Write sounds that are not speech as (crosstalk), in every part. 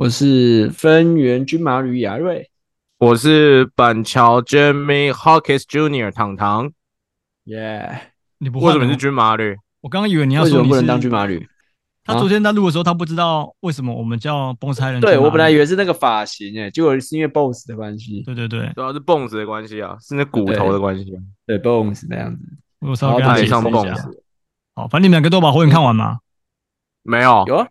我是分園君麻呂雅瑞，我是板橋 Jimmy Hawkins Junior 唐唐，耶、yeah！你不為什麼是君麻呂我剛剛以為你要說你是不能當君麻呂，啊。他昨天在錄的時候，他不知道為什麼我們叫 Bones Hyland。對，我本來以為是那個髮型誒，結果是因為 Bones 的關係。對對對，主要是 Bones 的關係啊，是那骨頭的關係，啊。對、對、對、對、對，Bones 那、那樣子。然後他臉上 Bones。好，反正你們兩個都把火影看完嗎，嗯？沒有，有啊。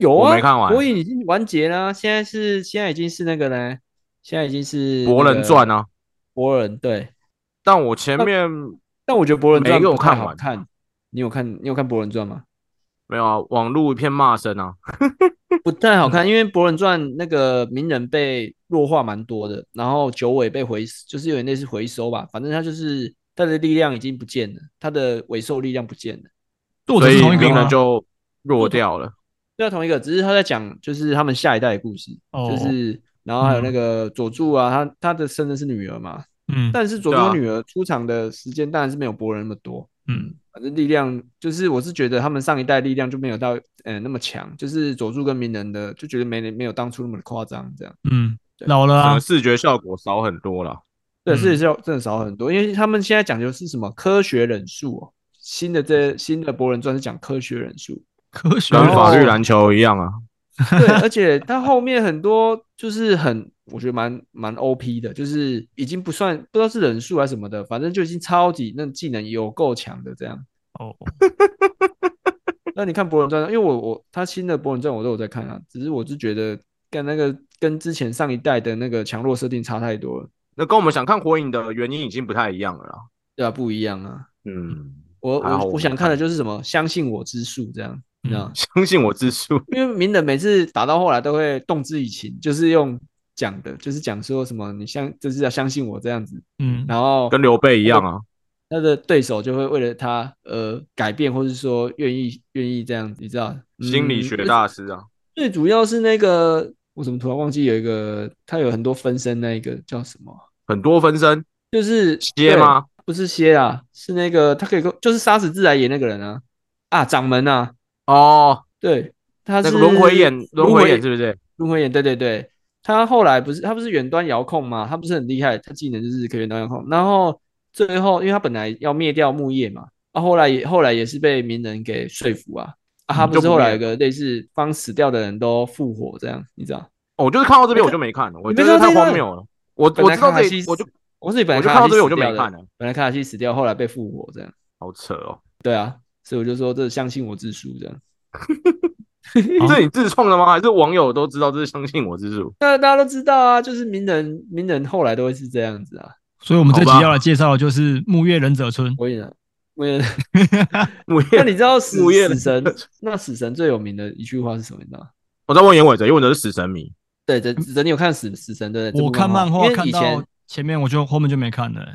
有啊，我沒看完。火影已經完結了、啊，現在是現在已經是那個呢，現在已經是、那個《博人傳》啊，《博人》對。但我前面，但我覺得《博人傳》每個我看完看，你有看你有看《博人傳》嗎？沒有啊，網絡一片罵聲啊， (laughs) 不太好看，因為《博人傳》那個鳴人被弱化蠻多的，然後九尾被回收，就是有點類似回收吧，反正他就是他的力量已經不見了，他的尾獸力量不見了，所以鳴人就弱掉了。 (laughs) 在同一個，只是他在講，就是他們下一代的故事，oh, 就是然後還有那個佐助啊，嗯、他他的生的是女兒嘛，嗯，但是佐助女兒出場的時間當然是沒有博人那麼多，嗯，力量就是我是覺得他們上一代力量就沒有到嗯、呃、那麼強，就是佐助跟鳴人的就覺得沒沒有當初那麼誇張這樣，嗯，老了，什麼視覺效果少很多了，對，視覺效果真的少很多，嗯，因為他們現在講究是什麼科學忍術哦，新的這新的博人傳是講科學忍術。跟法律籃球一樣啊、哦，對， (laughs) 而且他後面很多就是很，我覺得蠻蠻 O P 的，就是已經不算不知道是忍術還是什麼的，反正就已經超級那技能也有夠強的這樣。哦， (laughs) 那你看《博人傳》，因為我我他新的《博人傳》，我都有在看啊，只是我是覺得跟那個跟之前上一代的那個強弱設定差太多了，那跟我們想看火影的原因已經不太一樣了啦，對啊，不一樣啊，嗯， (laughs) 我我我想看的就是什麼相信我之術這樣。嗯、相信我之術，因為明德每次打到後來都會動之以情， (laughs) 就是用講的，就是講說什麼，你相就是要相信我這樣子，嗯，然後跟劉備一樣啊，他的對手就會為了他而改變，或是說願意願意這樣子，你知道，心理學的大師啊、嗯，最主要是那個我怎麼突然忘記，有一個他有很多分身，那個叫什麼？很多分身就是蠍嗎？不是蠍啊，是那個他可以就是殺死自來也那個人啊啊掌門啊。哦、oh，對，他是輪迴眼，輪迴眼是不是？輪迴眼，對對對，他後來不是他不是遠端遙控嘛，他不是很厲害？他技能就是可以遠端遙控。然後最後，因為他本來要滅掉木葉嘛，啊，後來後來也是被鳴人給說服啊，啊，他不是後來有個類似幫死掉的人都復活這樣，你知道？我、哦、就是看到這邊我就沒看了，欸、我覺得太荒謬了。我我知道這我知道，我就我是本來就看到這邊我就，我就沒看了，本來卡卡西死掉，後來被復活這樣，好扯哦。對啊。所以我就說，這是相信我自書的、哦，不 (laughs) 是你自創的嗎？還是網友都知道這是相信我自書？那大家都知道啊，就是名人，名人後來都會是這樣子啊。所以我們這期要來介紹的就是木月忍者村。我也。那 (laughs) (laughs) 木月笑你知道死，死神？那死神最有名的一句話是什麼呢？我在問岩尾哲，岩尾哲是死神迷。對，哲哲，你有看死死神的？我看漫畫，看到前面我就後面就沒看了、欸。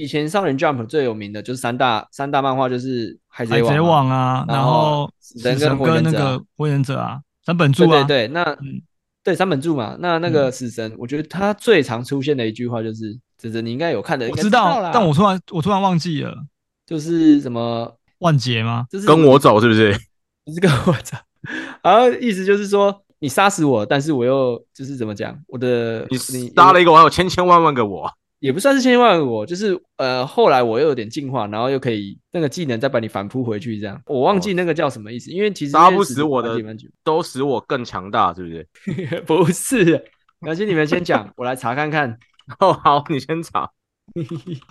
以前《少年 Jump》最有名的就是三大三大漫畫，就是海《海賊王》啊，然後《死神跟、啊》跟那個《火影忍者》啊，三本柱、啊、對，對對，那、嗯、對三本柱嘛，那那個死神、嗯，我覺得他最常出現的一句話就是“四神”，你應該有看的，我知道，知道啦，但我突然我突然忘記了，就是什麼萬劫嗎？就是跟我走，是不是？就是跟我走，啊，意思就是說你殺死我，但是我又就是怎麼講，我的你殺了一個我，有千千萬萬個我。也不算是千千萬我，就是呃，後來我又有點進化，然後又可以那個技能再把你反撲回去，這樣，哦。我忘記那個叫什麼意思，因為其實殺不死我的都使我更強大，是不是？ (laughs) 不是，感謝你們先講， (laughs) 我來查看看。 (laughs) 哦，好，你先查。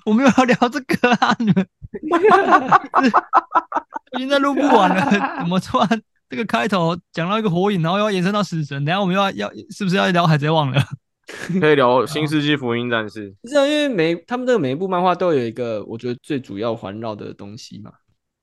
我們又要聊這個啊？你們，我 (laughs) (laughs) (laughs) (laughs) 現在錄不完了，怎麼突然這個開頭講到一個火影，然後又要延伸到死神？等下我們又要要是不是要聊海賊王了？ (laughs) 可以聊《新世紀福音戰士》 (laughs) 是啊，因為每他們這個每一部漫畫都有一個我覺得最主要環繞的東西嘛。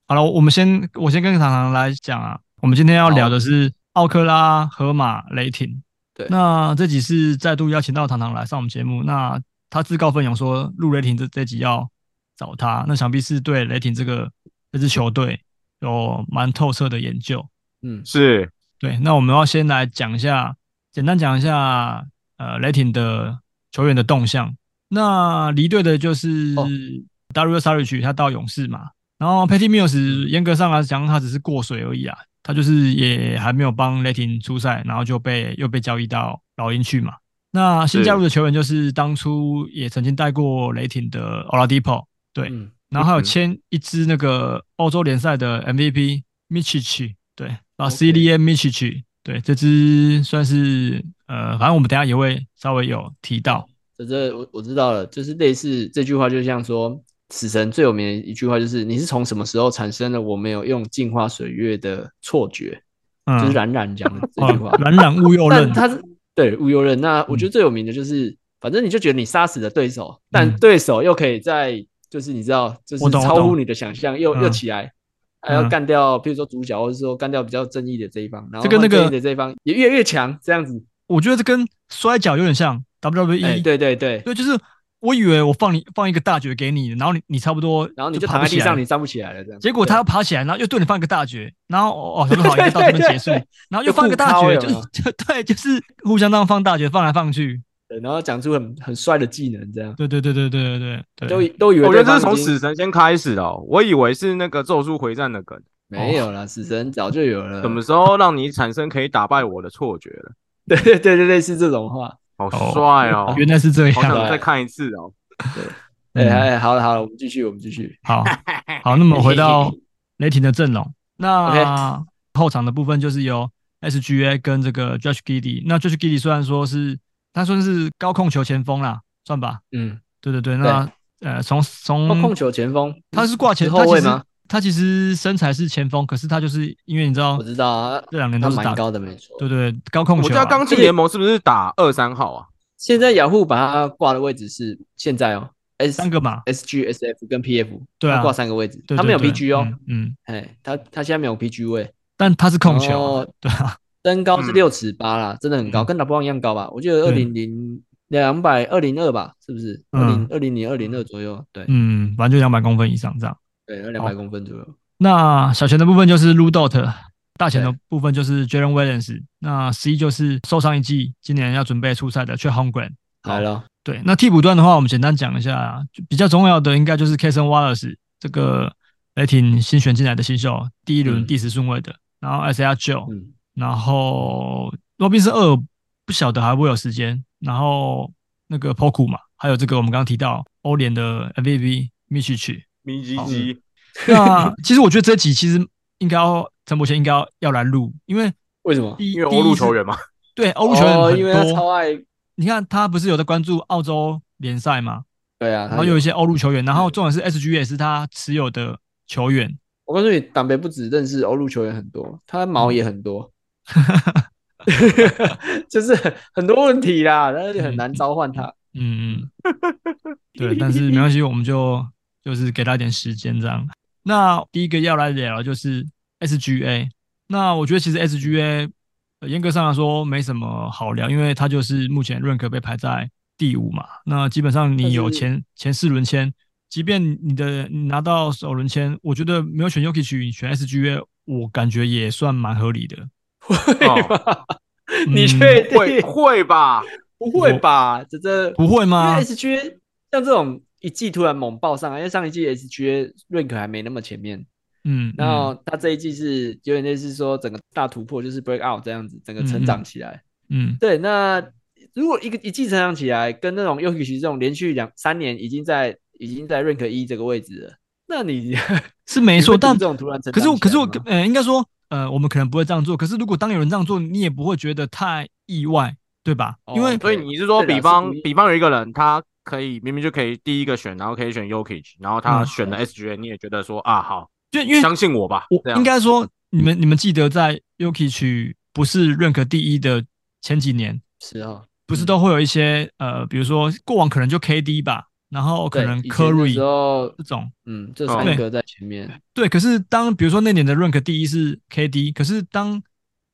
好了，我們先我先跟糖糖來講啊，我們今天要聊的是奧克拉荷馬雷霆。對，那這集是再度邀請到糖糖來上我們節目，那他自告奮勇說錄雷霆這這集要找他，那想必是對雷霆這個這支球隊有蠻透徹的研究。嗯，是對。那我們要先來講一下，簡單講一下。呃，雷霆的球員的動向，那離隊的就是，oh. Saric 他到勇士嘛。然後 Patty Mills 嚴格上來講，他只是過水而已啊，他就是也還沒有幫雷霆出賽，然後就被又被交易到老鷹去嘛。那新加入的球員就是當初也曾經帶過雷霆的 Oladipo，對、嗯。然後還有簽一支那個歐洲聯賽的 MVP Micic，對，老 Cdm Micic，對，這支算是。呃，反正我們等下也會稍微有提到。這我我知道了，就是類似這句話，就像說死神最有名的一句話，就是你是從什麼時候產生了我沒有用鏡花水月的錯覺、嗯？就是冉冉講這句話，冉冉勿憂人他是對勿憂人，那我覺得最有名的就是，嗯、反正你就覺得你殺死了對手、嗯，但對手又可以在，就是你知道，就是超乎你的想象，又又起來，嗯、還要幹掉，比如說主角，或者說幹掉比較正義的這一方，這個那個、然後正義的這一方也越來越強，這樣子。我覺得這跟摔角有點像 WWE，、欸、對，對對對，對就是我以為我放你放一個大絕給你，然後你你差不多不，然後你就趴在地上，你站不起來了這樣。結果他要爬起來，然後又對你放一個大絕，然後哦，很好，就到這結束，然後又放一個大絕，就是就 (laughs) 對，就是互相這樣放大絕放來放去，對，然後講出很很帥的技能這樣。對對對對對對對，對，都都以為我覺得這是從死神先開始的、喔，我以為是那個咒術回戰的梗，沒有啦、哦，死神早就有了。什麼時候讓你產生可以打敗我的錯覺了？ (laughs) 對對對對，類似這種話，好帥哦！ (laughs) 原來是這樣，我再看一次哦。 (laughs) 對，哎、嗯欸、好了好了，我們繼續，我們繼續。 (laughs) 好好，那麼回到雷霆的陣容，那後場的部分就是由 SGA 跟這個 Josh Giddey。那 Josh Giddey 雖然說是，他算是高控球前鋒啦，算吧。嗯，對對對，那對呃，從從控球前鋒，他是掛前後衛嗎？他其實身材是前鋒，可是他就是因為你知道，我知道啊，這兩年都是打高的沒錯，對對，高控球、啊。我知道剛進聯盟是不是打二三號啊？現在雅虎把他掛的位置是現在哦、喔、三個吧 SG SF 跟 PF，對啊，掛三個位置對對對對，他沒有 PG 哦、喔，嗯，哎、嗯，他他現在沒有 PG 位，但他是控球、啊，對啊，身高是六尺八啦、嗯，真的很高，嗯、跟打波王一樣高吧？我覺得二零零兩百二零二吧，是不是二零二零零二零二左右？對，嗯，反正就兩百公分以上這樣。對，2兩百公分左右。Oh. 那小錢的部分就是 Lu Dort，大錢的部分就是 Jalen Williams。那十一就是受傷一季，今年要準備出賽的 Chet Holmgren 來了。對，那替補段的話，我們簡單講一下，比較重要的應該就是 Cason Wallace 這個雷霆新選進來的新秀，第一輪第十順位的。然後 Isaiah Joe，然後 Robinson 二不曉得還會有時間。然後，SR9,、嗯、然後, 2, 然後那個 Poku 嘛，還有這個我們剛剛提到歐聯的 MVP Micic。迷雞雞，啊，其實我覺得這集其實應該陳博旋應該要要來錄，因為為什麼？因為歐陸球員嘛，對，歐陸球員、哦、因為他超愛，你看他不是有在關注澳洲聯賽嘛？對啊，然後有一些歐陸球員，然後重點是 SGA 他持有的球員，我告訴你，黨北不止認識歐陸球員很多，他的毛也很多、嗯， (laughs) (laughs) 就是很多問題啦，但是就很難召喚他嗯。嗯嗯，對，但是沒關係，我們就。就是給他點時間這樣。那第一個要來聊就是 SGA，那我覺得其實 SGA 呃、嚴格上來說沒什麼好聊，因為它就是目前 rank 被排在第五嘛。那基本上你有前前四輪簽，即便你的你拿到首輪簽，我覺得沒有選 Jokic 你選 SGA，我感覺也算蠻合理的，會吧？你確定會吧？不會吧？這這不會嗎？因為 SGA 像這種。一季突然猛爆上，因為上一季 SGA rank 還沒那麼前面，嗯，嗯，然後他這一季是有點類似說整個大突破，就是 break out 這樣子，整個成長起來，嗯，嗯，嗯、對。那如果一個一季成長起來，跟那種約基奇這種連續兩三年已經在已經在 rank 一這個位置了，那你是沒錯，但這種突然成長可是我可是我呃應該說呃我們可能不會這樣做，可是如果當有人這樣做，你也不會覺得太意外，對吧？哦、因為所以你是說，比方比方有一個人他。可以，明明就可以第一個選，然後可以選 Yokich，然後他選的 SGA，、嗯、你也覺得說、嗯、啊好，就因為相信我吧。我應該說、嗯，你們你們記得在 Yokich 不是 rank 第一的前幾年時候、哦，不是都會有一些、嗯、呃，比如說過往可能就 KD 吧，然後可能 Curry 這種，嗯，這三個在前面。對，對可是當比如說那年的 rank 第一是 KD，可是當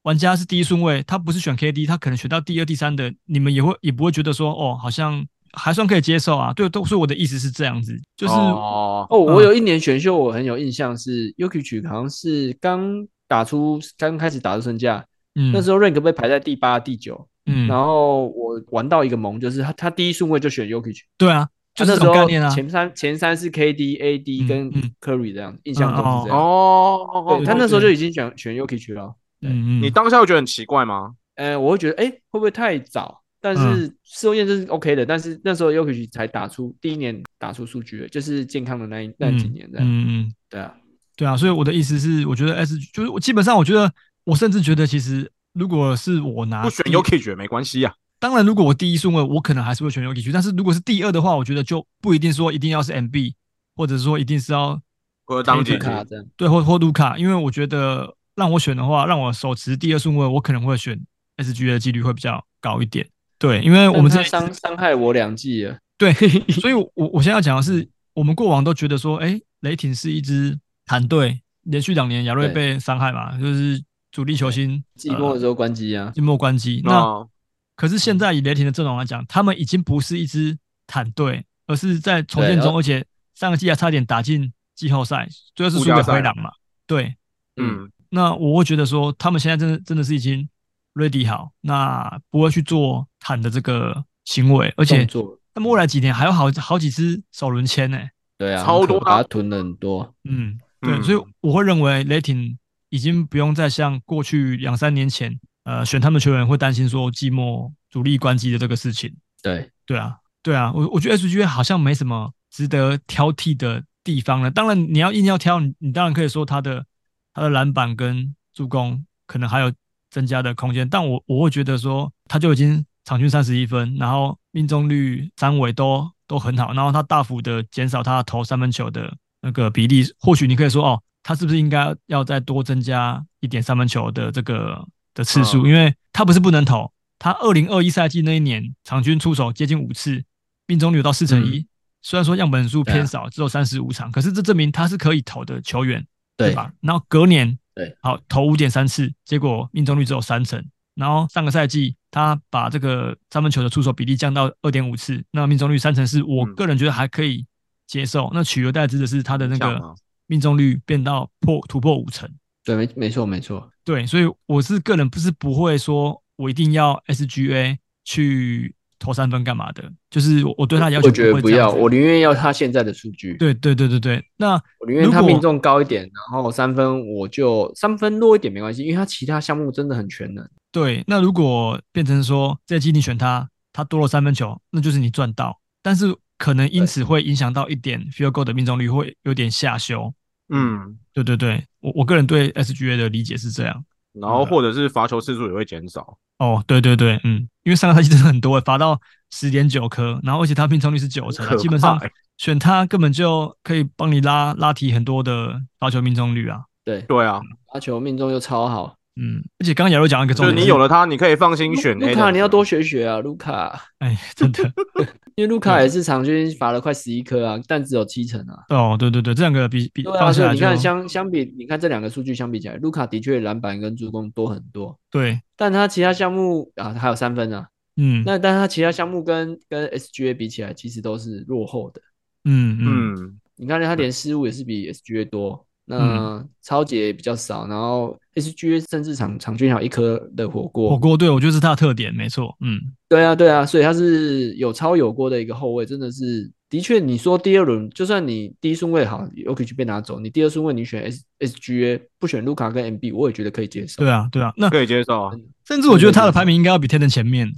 玩家是第一順位，他不是選 KD，他可能選到第二、第三的，你們也會也不會覺得說哦，好像。還算可以接受啊，對，都是我的意思是這樣子，就是哦，哦，哦哦哦哦嗯、我有一年選秀，我很有印象是 Jokic，好像是剛打出剛開始打出身價，嗯，那時候 rank 被排在第八、第九，嗯，然後我玩到一個盟，就是他他第一順位就選 Jokic，對啊，就是什麼概念啊，啊？前三前三是 K D A D 跟 Curry 這樣，印象中是這樣、嗯、哦，哦，哦，哦，哦，哦他那時候就已經選選 Jokic 了，嗯，嗯你當下會覺得很奇怪嗎？呃，我會覺得哎、欸，會不會太早？但是事後驗證是 OK 的、嗯，但是那時候 Jokic 才打出第一年打出數據就是健康的那一那幾年的。嗯嗯，對啊，對啊。所以我的意思是，我覺得 S 就是基本上，我覺得我甚至覺得，其實如果是我拿我選 Jokic 也沒關係啊。當然，如果我第一順位，我可能還是會選 Jokic。但是如果是第二的話，我覺得就不一定說一定要是 MB，或者說一定是要 K2, 或者當杰卡對，對，對，或或盧卡。因為我覺得讓我選的話，讓我手持第二順位，我可能會選 SG 的幾率會比較高一點。對，因為我們在傷傷害我兩季了。對， (laughs) 所以我，我我現在要講的是，我們過往都覺得說，哎、欸，雷霆是一支坦隊，連續兩年亞瑞被傷害嘛，就是主力球星季末的時候關機啊，季末關機、哦。那可是現在以雷霆的陣容來講，他們已經不是一支坦隊，而是在重建中，而且上個季還差點打進季後賽，最後是輸給灰狼嘛。對，嗯。那我會覺得說，他們現在真的，真的是已經。ready 好，那不會去做坦的這個行為，而且他們未來幾年還有好好幾支首輪簽呢。對啊，超多把他囤了很多，嗯，對嗯，所以我會認為雷霆已經不用再像過去兩三年前，呃，選他們球員會擔心說寂寞主力關機的這個事情。對，對啊，對啊，我我覺得 SGA 好像沒什麼值得挑剔的地方了。當然，你要硬要挑，你你當然可以說他的他的籃板跟助攻，可能還有。增加的空間，但我我會覺得說，他就已經場均三十一分，然後命中率三、三圍都都很好，然後他大幅的減少他投三分球的那個比例。或許你可以說，哦，他是不是應該要再多增加一點三分球的這個的次數？因為他不是不能投，他二零二一賽季那一年場均出手接近五次，命中率有到四成一、嗯。雖然說樣本數偏少，啊、只有三十五場，可是這證明他是可以投的球員，對吧？然後隔年。對，好，投五點三次，結果命中率只有三成。然後上個賽季他把這個三分球的出手比例降到二點五次，那命中率三成是我個人覺得還可以接受。嗯，那取而代之的是他的那個命中率變到破突破五成。對，沒沒錯沒錯，對，所以我是個人不是不會說我一定要 SGA 去投三分幹嘛的？就是我，我對他的要求不會這樣子。我覺得不要，我寧願要他現在的數據。對對對對對，那我寧願他命中高一點，然後三分我就三分弱一點沒關係，因為他其他項目真的很全能。對，那如果變成說這期你選他，他多了三分球，那就是你賺到。但是可能因此會影響到一點 field goal 的命中率，會有點下修。嗯，對對對，我我個人對 S G A 的理解是這樣。然後或者是罰球次數也會減少，嗯、哦，對對對，嗯，因為上個賽季真的很多，罰到十點九顆，然後而且他命中率是九成，基本上選他根本就可以幫你拉拉提很多的罰球命中率啊，對、嗯、對啊，罰球命中就超好。嗯，而且剛剛雅若講了一個重點，就是你有了它，你可以放心選。盧卡，你要多學學啊，盧卡。哎，真的， (laughs) 因為盧卡也是場均罰了快十一顆啊、 (laughs) 嗯，但只有七成啊。哦，對對對，這兩個比比，但是、啊、你看相相比，你看這兩個數據相比起來，盧卡的確籃板跟助攻多很多。對，但他其他項目啊，還有三分啊，嗯，那但他其他項目跟跟 SGA 比起來，其實都是落後的。嗯嗯，嗯，你看他連失誤也是比 SGA 多。那、嗯、抄截也比較少，然後 S G A 甚至場場均有一顆的火鍋，火鍋。對，我覺得是它的特點沒錯。嗯，對啊，對啊，所以它是有抄有鍋的一個後衛，真的是，的確你說第二輪，就算你第一順位好，也可以被拿走，你第二順位你選 S S G A 不選盧卡跟 M B，我也覺得可以接受。對啊，對啊，那可以接受啊，甚至我覺得它的排名應該要比 Tatum 前面，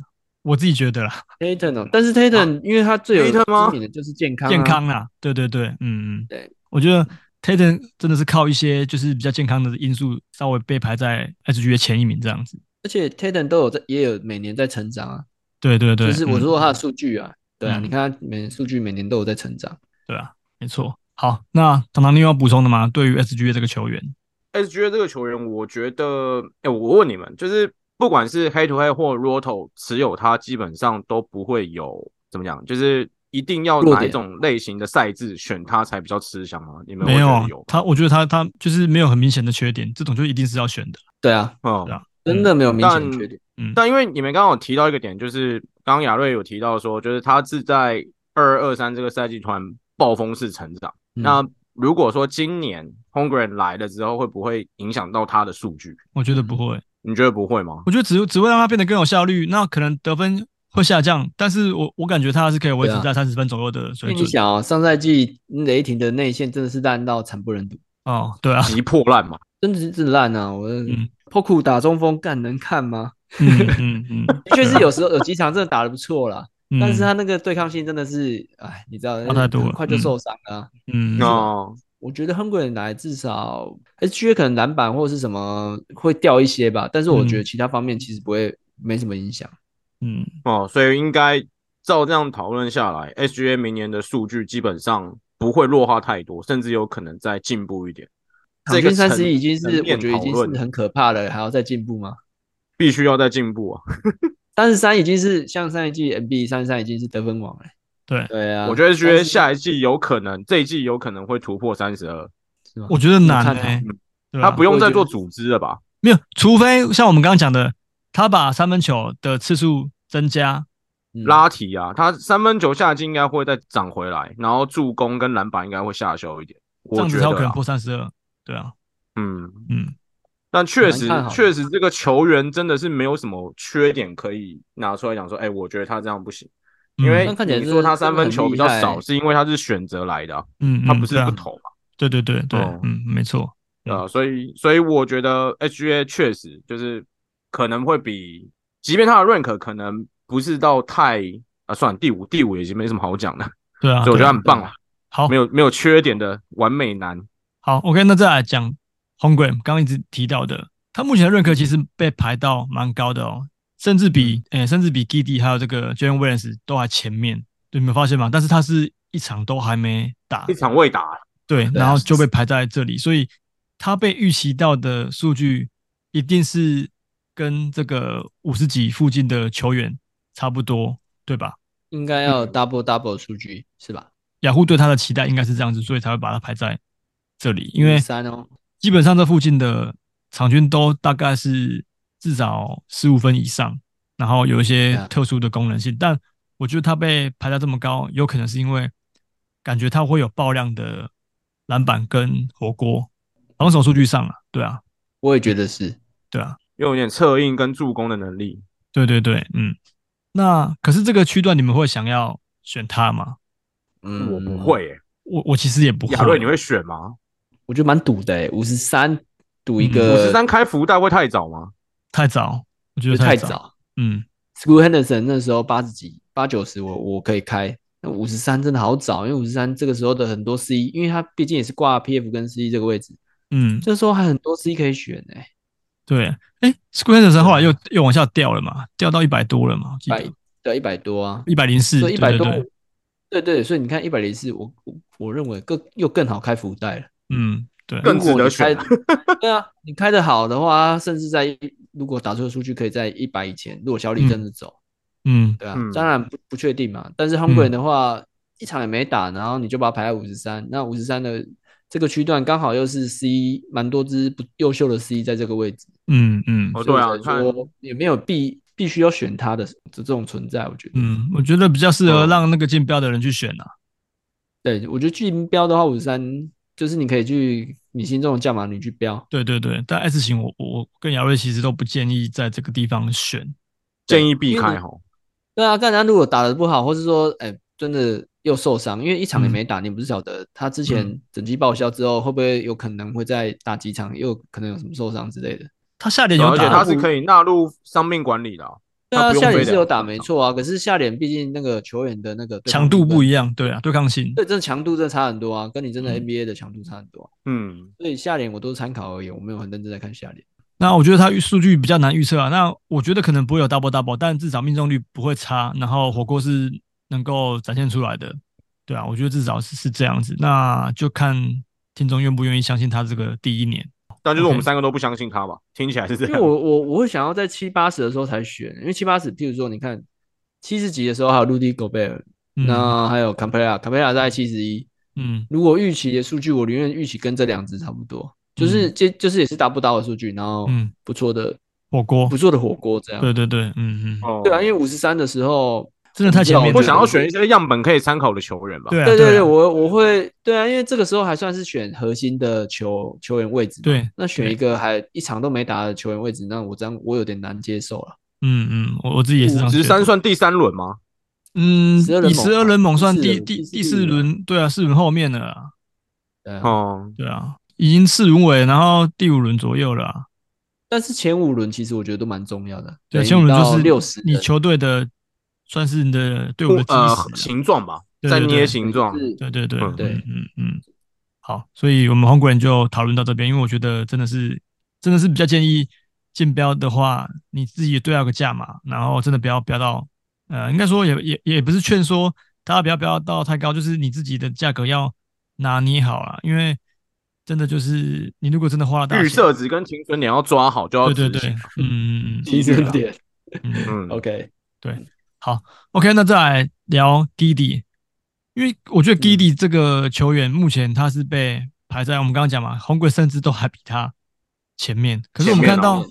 我自己覺得啦。Tatum、喔，但是 Tatum 因為它最有特點的就是健康、啊，健康啦、啊，對對對，嗯嗯，對我覺得。Tatum 真的是靠一些就是比較健康的因素，稍微被排在 SGA 前一名這樣子。而且 Tatum 都有在，也有每年在成長啊。對對對，就是我說的他的數據啊、嗯對。對啊，你看他每數據每年都有在成長。對啊，沒錯。好，那唐唐你有要補充的嗎？對於 SGA 這個球員，SGA 這個球員，球員我覺得，哎、欸，我問你們，就是不管是黑土黑或 Roto 持有，他基本上都不會有怎麼講，就是。一定要哪一種類型的賽制選他才比較吃香嗎？你們沒有,有他，我覺得他他就是沒有很明顯的缺點，這種就一定是要選的。對啊，對啊，真的沒有明顯的缺點、嗯但嗯。但因為你們剛剛有提到一個點，就是剛剛亞瑞有提到說，就是他是在二二三這個賽季團暴風式成長、嗯。那如果說今年 Holmgren 來了之後，會不會影響到他的數據？我覺得不會。你覺得不會嗎？我覺得只只會讓他變得更有效率。那可能得分。會下降，但是我我感覺它是可以維持在三十分左右的水平、啊、你想哦、喔，上賽季雷霆的內線真的是爛到慘不忍睹哦，對啊，一破爛嘛，真的是爛啊！我、嗯、POKU 打中鋒幹能看嗎？確、嗯、實、嗯嗯 (laughs) 嗯、有時候有幾場真的打得不錯啦、嗯，但是他那個對抗性真的是，哎，你知道，哦、太多了，很快就受傷了、啊。嗯哦，就是、我覺得亨 u n 來至少 h u 可能籃板或是什麼會掉一些吧，但是我覺得其他方面其實不會沒什麼影響。哦，所以應該照這樣討論下來，S G A 明年的數據基本上不會弱化太多，甚至有可能再進步一點。這跟三十一已經是我覺得已經是很可怕了，還要再進步嗎？必須要再進步啊！三十三已經是像上一季 N B A 三十三已經是得分王了。對對啊，我覺得 G A 下一季有可能，這一季有可能會突破三十二，是嗎？我覺得難欸。他不用再做組織了吧？沒有，除非像我們剛剛講的，他把三分球的次數。增加拉提啊，嗯，他三分球下季應該會再漲回來，然後助攻跟籃板應該會下修一點。我覺得他、啊、可能不三十二。對啊，嗯嗯，但確實確實這個球員真的是沒有什麼缺點可以拿出來講說，哎、欸，我覺得他這樣不行。嗯、因為是說他三分球比較少，是因為他是選擇來的嗯，嗯，他不是不投嘛？對、啊、對對對，哦、嗯，沒錯。嗯、啊，所以所以我覺得 HGA 確實就是可能會比。即便他的 rank 可能不是到太，啊算了，算第五，第五也就沒什麼好講的，對啊，所以我覺得很棒啊。好，沒有沒有缺點的完美男。好，OK，那再來講 Holmgren 剛剛一直提到的，他目前的 rank 其實被排到蠻高的哦，甚至比誒、欸，甚至比 Giddey 還有這個 Jalen Williams 都還前面，對，你們發現嗎？但是他是一場都還沒打，一場未打，對，然後就被排在這裡，所以他被預期到的數據一定是。跟這個五十幾附近的球員差不多，對吧？應該要有 double double 數據、嗯、是吧？雅虎對他的期待應該是這樣子，所以才會把他排在這裡。因為三哦，基本上這附近的場均都大概是至少十五分以上，然後有一些特殊的功能性、啊。但我覺得他被排在這麼高，有可能是因為感覺他會有爆量的籃板跟火鍋防守數據上啊，對啊，我也覺得是，對啊。又有一點策應跟助攻的能力，對對對，嗯，那可是這個區段你們會想要選他嗎？嗯，我不會、欸，我我其實也不會。亞瑞，你會選嗎？我覺得蠻賭的誒、欸，五十三賭一個五十三開福袋會太早嗎？太早，我覺得太早。太早，嗯，School Henderson 那時候八十幾，八九十，80, 我我可以開。那五十三真的好早，因為五十三這個時候的很多 C，因為他畢竟也是掛 PF 跟 C 這個位置，嗯，這時候還很多 C 可以選誒、欸。對，哎，Square 的時候後來又又往下掉了嘛，掉到一百多了嘛，百掉一百多啊，一百零四，一百多，對對，對，對，對，對，所以你看一百零四，我我我認為更又更好開福袋了，嗯，對，更值得開、啊，對啊，你開得好的話，甚至在如果打出的數據可以在一百以前，如果小李跟着走嗯，嗯，對啊，嗯、當然不不確定嘛，但是 Holmgren 的話、嗯、一場也沒打，然後你就把它排在五十三，那五十三的。這個區段剛好又是 C，蠻多只不優秀的 C 在這個位置。嗯嗯，對啊，我說也沒有必必須要選它的這種存在，我覺得。嗯，我覺得比較適合讓那個競標的人去選吶、啊嗯。對，我覺得競標的話，五十三就是你可以去你心中的價碼，你去標。對對對，但 S 型我我跟亞瑞其實都不建議在這個地方選，建議避開哈。對啊，不然如果打得不好，或是說哎。欸真的又受傷，因為一場也沒打。嗯、你不是曉得他之前整季報銷之後、嗯，會不會有可能會再打幾場，又可能有什麼受傷之類的？他夏聯有打，他是可以納入傷病管理的、啊。對啊，他夏聯是有打，沒錯啊。可是夏聯畢竟那個球員的那個強度不一樣，對啊，對抗性，對，真的強度真的差很多啊，跟你真的 NBA 的強度差很多、啊。嗯，所以夏聯我都是參考而已，我沒有很認真在看夏聯。那我覺得他預數據比較難預測啊。那我覺得可能不會有 double double，但至少命中率不會差。然後火鍋是。能夠展現出來的，對啊，我覺得至少是是這樣子，那就看聽眾願不願意相信他這個第一年。那就是我們三個都不相信他吧？Okay. 聽起來是這樣。因為我我我會想要在七八十的時候才選，因為七八十，譬如說你看七十幾的時候還有 Rudy Gobert，那還有卡佩拉，卡佩拉在七十一，嗯，如果預期的數據，我寧願預期跟這兩支差不多，嗯、就是這就是也是達不到的數據，然後不錯的、嗯、的火鍋，不錯的火鍋這樣。對對對，嗯嗯，對啊，因為五十三的時候。真的太前面，我想要選一些樣本可以參考的球員吧？對對對我，我我會對啊，因為這個時候還算是選核心的球球員位置。對，那選一個還一場都沒打的球員位置，那我這樣我有點難接受了、啊。嗯嗯，我我自己也是。十三算第三輪嗎？嗯，你十二輪猛算第第第四輪，對啊，四輪後面了。哦、嗯，對啊，已經四輪尾，然後第五輪左右了、嗯啊左右了。但是前五輪其實我覺得都蠻重要的。對、啊，前五輪就是六十，你球隊的。算是你的對我們的呃形狀吧，在捏形狀，對對對對，對，對嗯嗯，對嗯好，所以我們韓國人就討論到這邊，因為我覺得真的是真的是比較建議競標的話，你自己也對要個價嘛，然後真的不要標到呃，應該說也也也不是勸說大家不要標到太高，就是你自己的價格要拿捏好啦，因為真的就是你如果真的花了大預設值跟青春點要抓好，就要對對對，嗯嗯嗯提升點，嗯 (laughs) OK 對。好，OK，那再來聊 Giddey，因為我覺得 Giddey 這個球員目前他是被排在、嗯、我們剛剛講嘛，紅鬼甚至都還比他前面。可是我們看到，哦、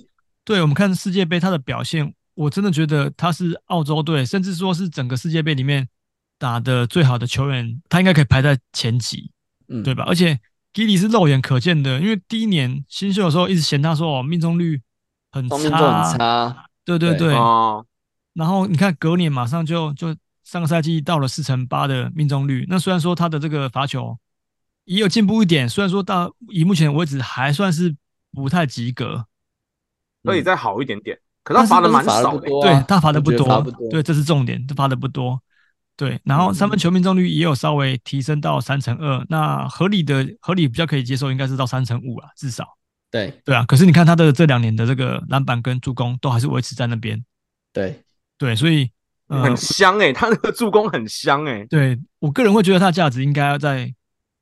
對我們看世界杯他的表現，我真的覺得他是澳洲隊，甚至說是整個世界杯裡面打的最好的球員，他應該可以排在前幾，嗯，對吧？而且 Giddey 是肉眼可見的，因為第一年新秀的時候一直嫌他說哦命中率很差，很差，對對對。對哦然後你看，隔年馬上就就上個賽季到了四成八的命中率。那雖然說他的這個罰球也有進步一點，雖然說到以目前為止還算是不太及格，那也再好一點點。可、欸、他罰的蠻少，對他罰的不多，對，這是重點，他罰的不多。對，然後三分球命中率也有稍微提升到三成二。那合理的、合理比較可以接受，應該是到三成五了，至少。對，對啊。可是你看他的這兩年的這個籃板跟助攻都還是維持在那邊。對。對，所以、呃、很香誒、欸，他那個助攻很香誒、欸。對，我個人會覺得他的價值應該要在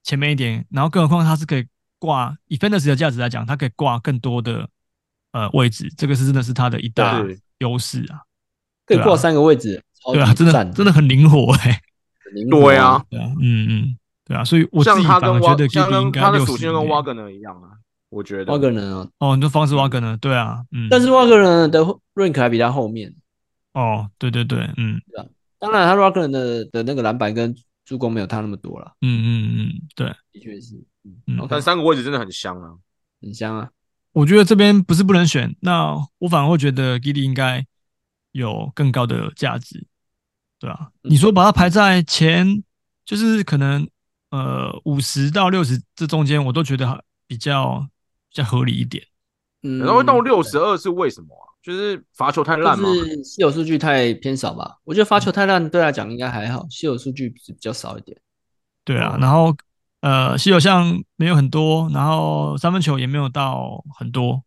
前面一點，然後更何況他是可以掛以 Flanders 的價值來講，他可以掛更多的呃位置，這個是真的是他的一大優勢啊，啊。可以掛三個位置，對啊，真的、啊、真的很，活、欸、很靈活誒、欸啊。對啊，對啊，嗯嗯，對啊，所以我自己反而覺得，應該他的屬性跟瓦格納一樣啊。我覺得瓦格納、啊、哦，你說方式瓦格納，對啊對，嗯，但是瓦格納的 rank 還比較後面。哦、oh，對對對，嗯，對啊、嗯，當然他 Rocker 的的那個籃板跟助攻沒有他那麼多了，嗯嗯嗯，對，的確是，嗯，嗯、okay，但三個位置真的很香啊，很香啊，我覺得這邊不是不能選，那我反而會覺得 Giddey 應該有更高的價值，對啊，你說把它排在前，就是可能、嗯、呃五十到六十這中間，我都覺得比較比較合理一點，嗯，然後到六十二是為什麼、啊？就是罰球太爛嗎？是稀有數據太偏少吧？我覺得罰球太爛對他來講應該還好，稀有數據比較少一點。對啊，然後呃，稀有項沒有很多，然後三分球也沒有到很多，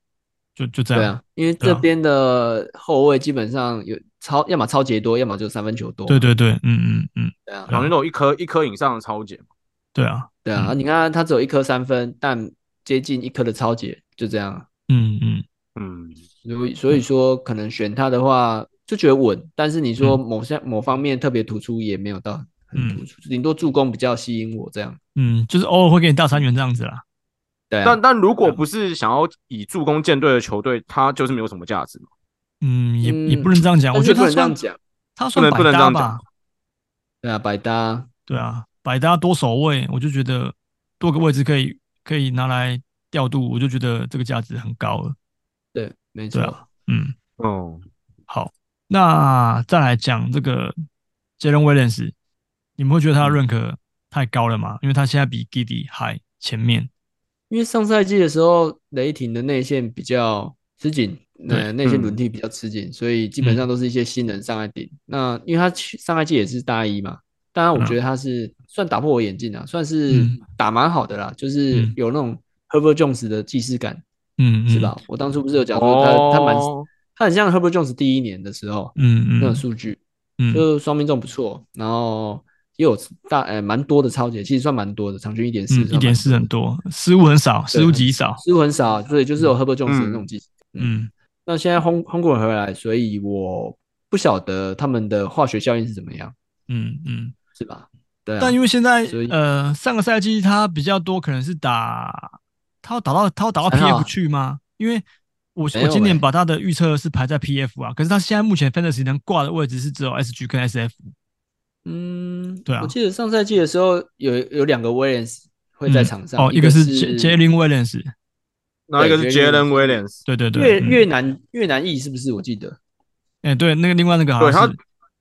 就就這樣。對啊，因為這邊的後衛基本上有超，啊、要麼抄截多，要麼就三分球多、啊。對對對，嗯嗯嗯。對啊，感覺有一顆一顆以上的抄截嘛。對啊，對，啊，對，啊，對啊、嗯、啊，你看他只有一顆三分，但接近一顆的抄截就這樣。嗯嗯嗯。嗯所所以說，可能選他的話就覺得穩、嗯，但是你說某些某，某方面特別突出也沒有到很突出，頂、嗯、多助攻比較吸引我這樣。嗯，就是偶爾會給你大三元這樣子啦。對、啊，但但如果不是想要以助攻建隊的球隊，他就是沒有什麼價值嘛，嗯，也也不能這樣講、嗯，我覺得他算是不能這樣講，他不能不能這樣講。對啊，百搭。對啊，百搭多守衛，我就覺得多個位置可以可以拿來調度，我就覺得這個價值很高了。沒錯、啊，嗯，哦、oh.，好，那再來講這個傑倫威廉斯，你們會覺得他的認可太高了嗎？因為他現在比 Giddey 還前面，因為上賽季的時候，雷霆的內線比較吃緊、嗯，呃，內線輪替比較吃緊、嗯，所以基本上都是一些新人上來頂、嗯。那因為他上賽季也是大一嘛，當然我覺得他是算打破我眼鏡啊、嗯，算是打蠻好的啦，就是有那種 Herbert Jones 的既視感。嗯，嗯，是吧？我當初不是有講說他、哦、他蠻他很像 Herbert Jones 第一年的時候，嗯嗯，那種、個、數據，嗯，就雙命中不錯，然後也有大誒蠻、欸、多的抄截，其實算蠻多的，場均一點四，一點四很多，失誤很少，失誤極少，失誤很少，所以就是有 Herbert Jones 的那種技巧。嗯，那、嗯嗯嗯嗯嗯、現在轟轟過回來，所以我不曉得他們的化學效應是怎麼樣。嗯嗯，是吧對、啊？但因為現在呃上個賽季他比較多，可能是打。他要打到他要打到 PF 去嗎？因為我、欸、我今年把他的預測是排在 PF 啊，可是他現在目前 Fantasy 能掛的位置是只有 SG 跟 SF。嗯，對啊，我記得上賽季的時候有有兩個 Williams 會在場上、嗯、哦，一個是杰杰倫 Williams，那一個是，那個，是杰倫 Williams？對對對，嗯、越越南越南裔是不是？我記得，哎、欸，對，那個另外那個，好像是對。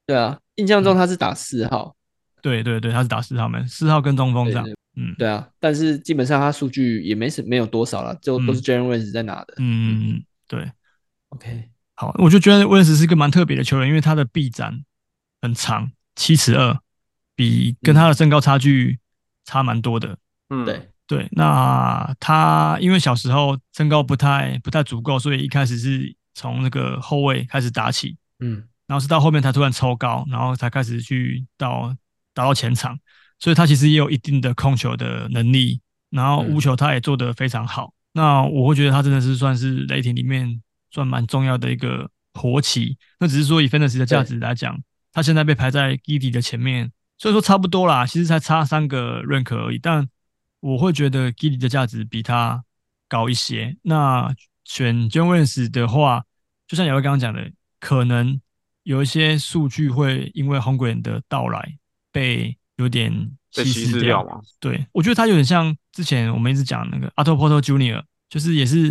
對啊，印象中他是打四號、嗯，對對對，他是打四號，嘛四號跟中鋒這樣。對對對嗯，對啊，但是基本上他數據也沒什沒有多少了，就都是 Jalen Williams 在拿的。嗯對，嗯對，OK，好，我覺得 Williams 是一個蠻特別的球員，因為他的臂展很長，七尺二，比跟他的身高差距差蠻多的。嗯，對對，那他因為小時候身高不太不太足夠，所以一開始是從那個後衛開始打起。嗯，然後是到後面他突然超高，然後才開始去到打到前場。所以他其實也有一定的控球的能力，然後無球，他也做得非常好、嗯。那我會覺得他真的是算是雷霆裡面算蠻重要的一個活棋。那只是說以 Fantasy 的價值來講，他現在被排在 Giddey 的前面，所以說差不多啦，其實才差三個 rank 而已。但我會覺得 Giddey 的價值比他高一些。那選 Jones 的話，就像姚哥剛剛講的，可能有一些數據會因為 Holmgren 的到來被。有點稀釋掉嘛？對，我覺得他有點像之前我們一直講那個 Otto Porter Jr.，就是也是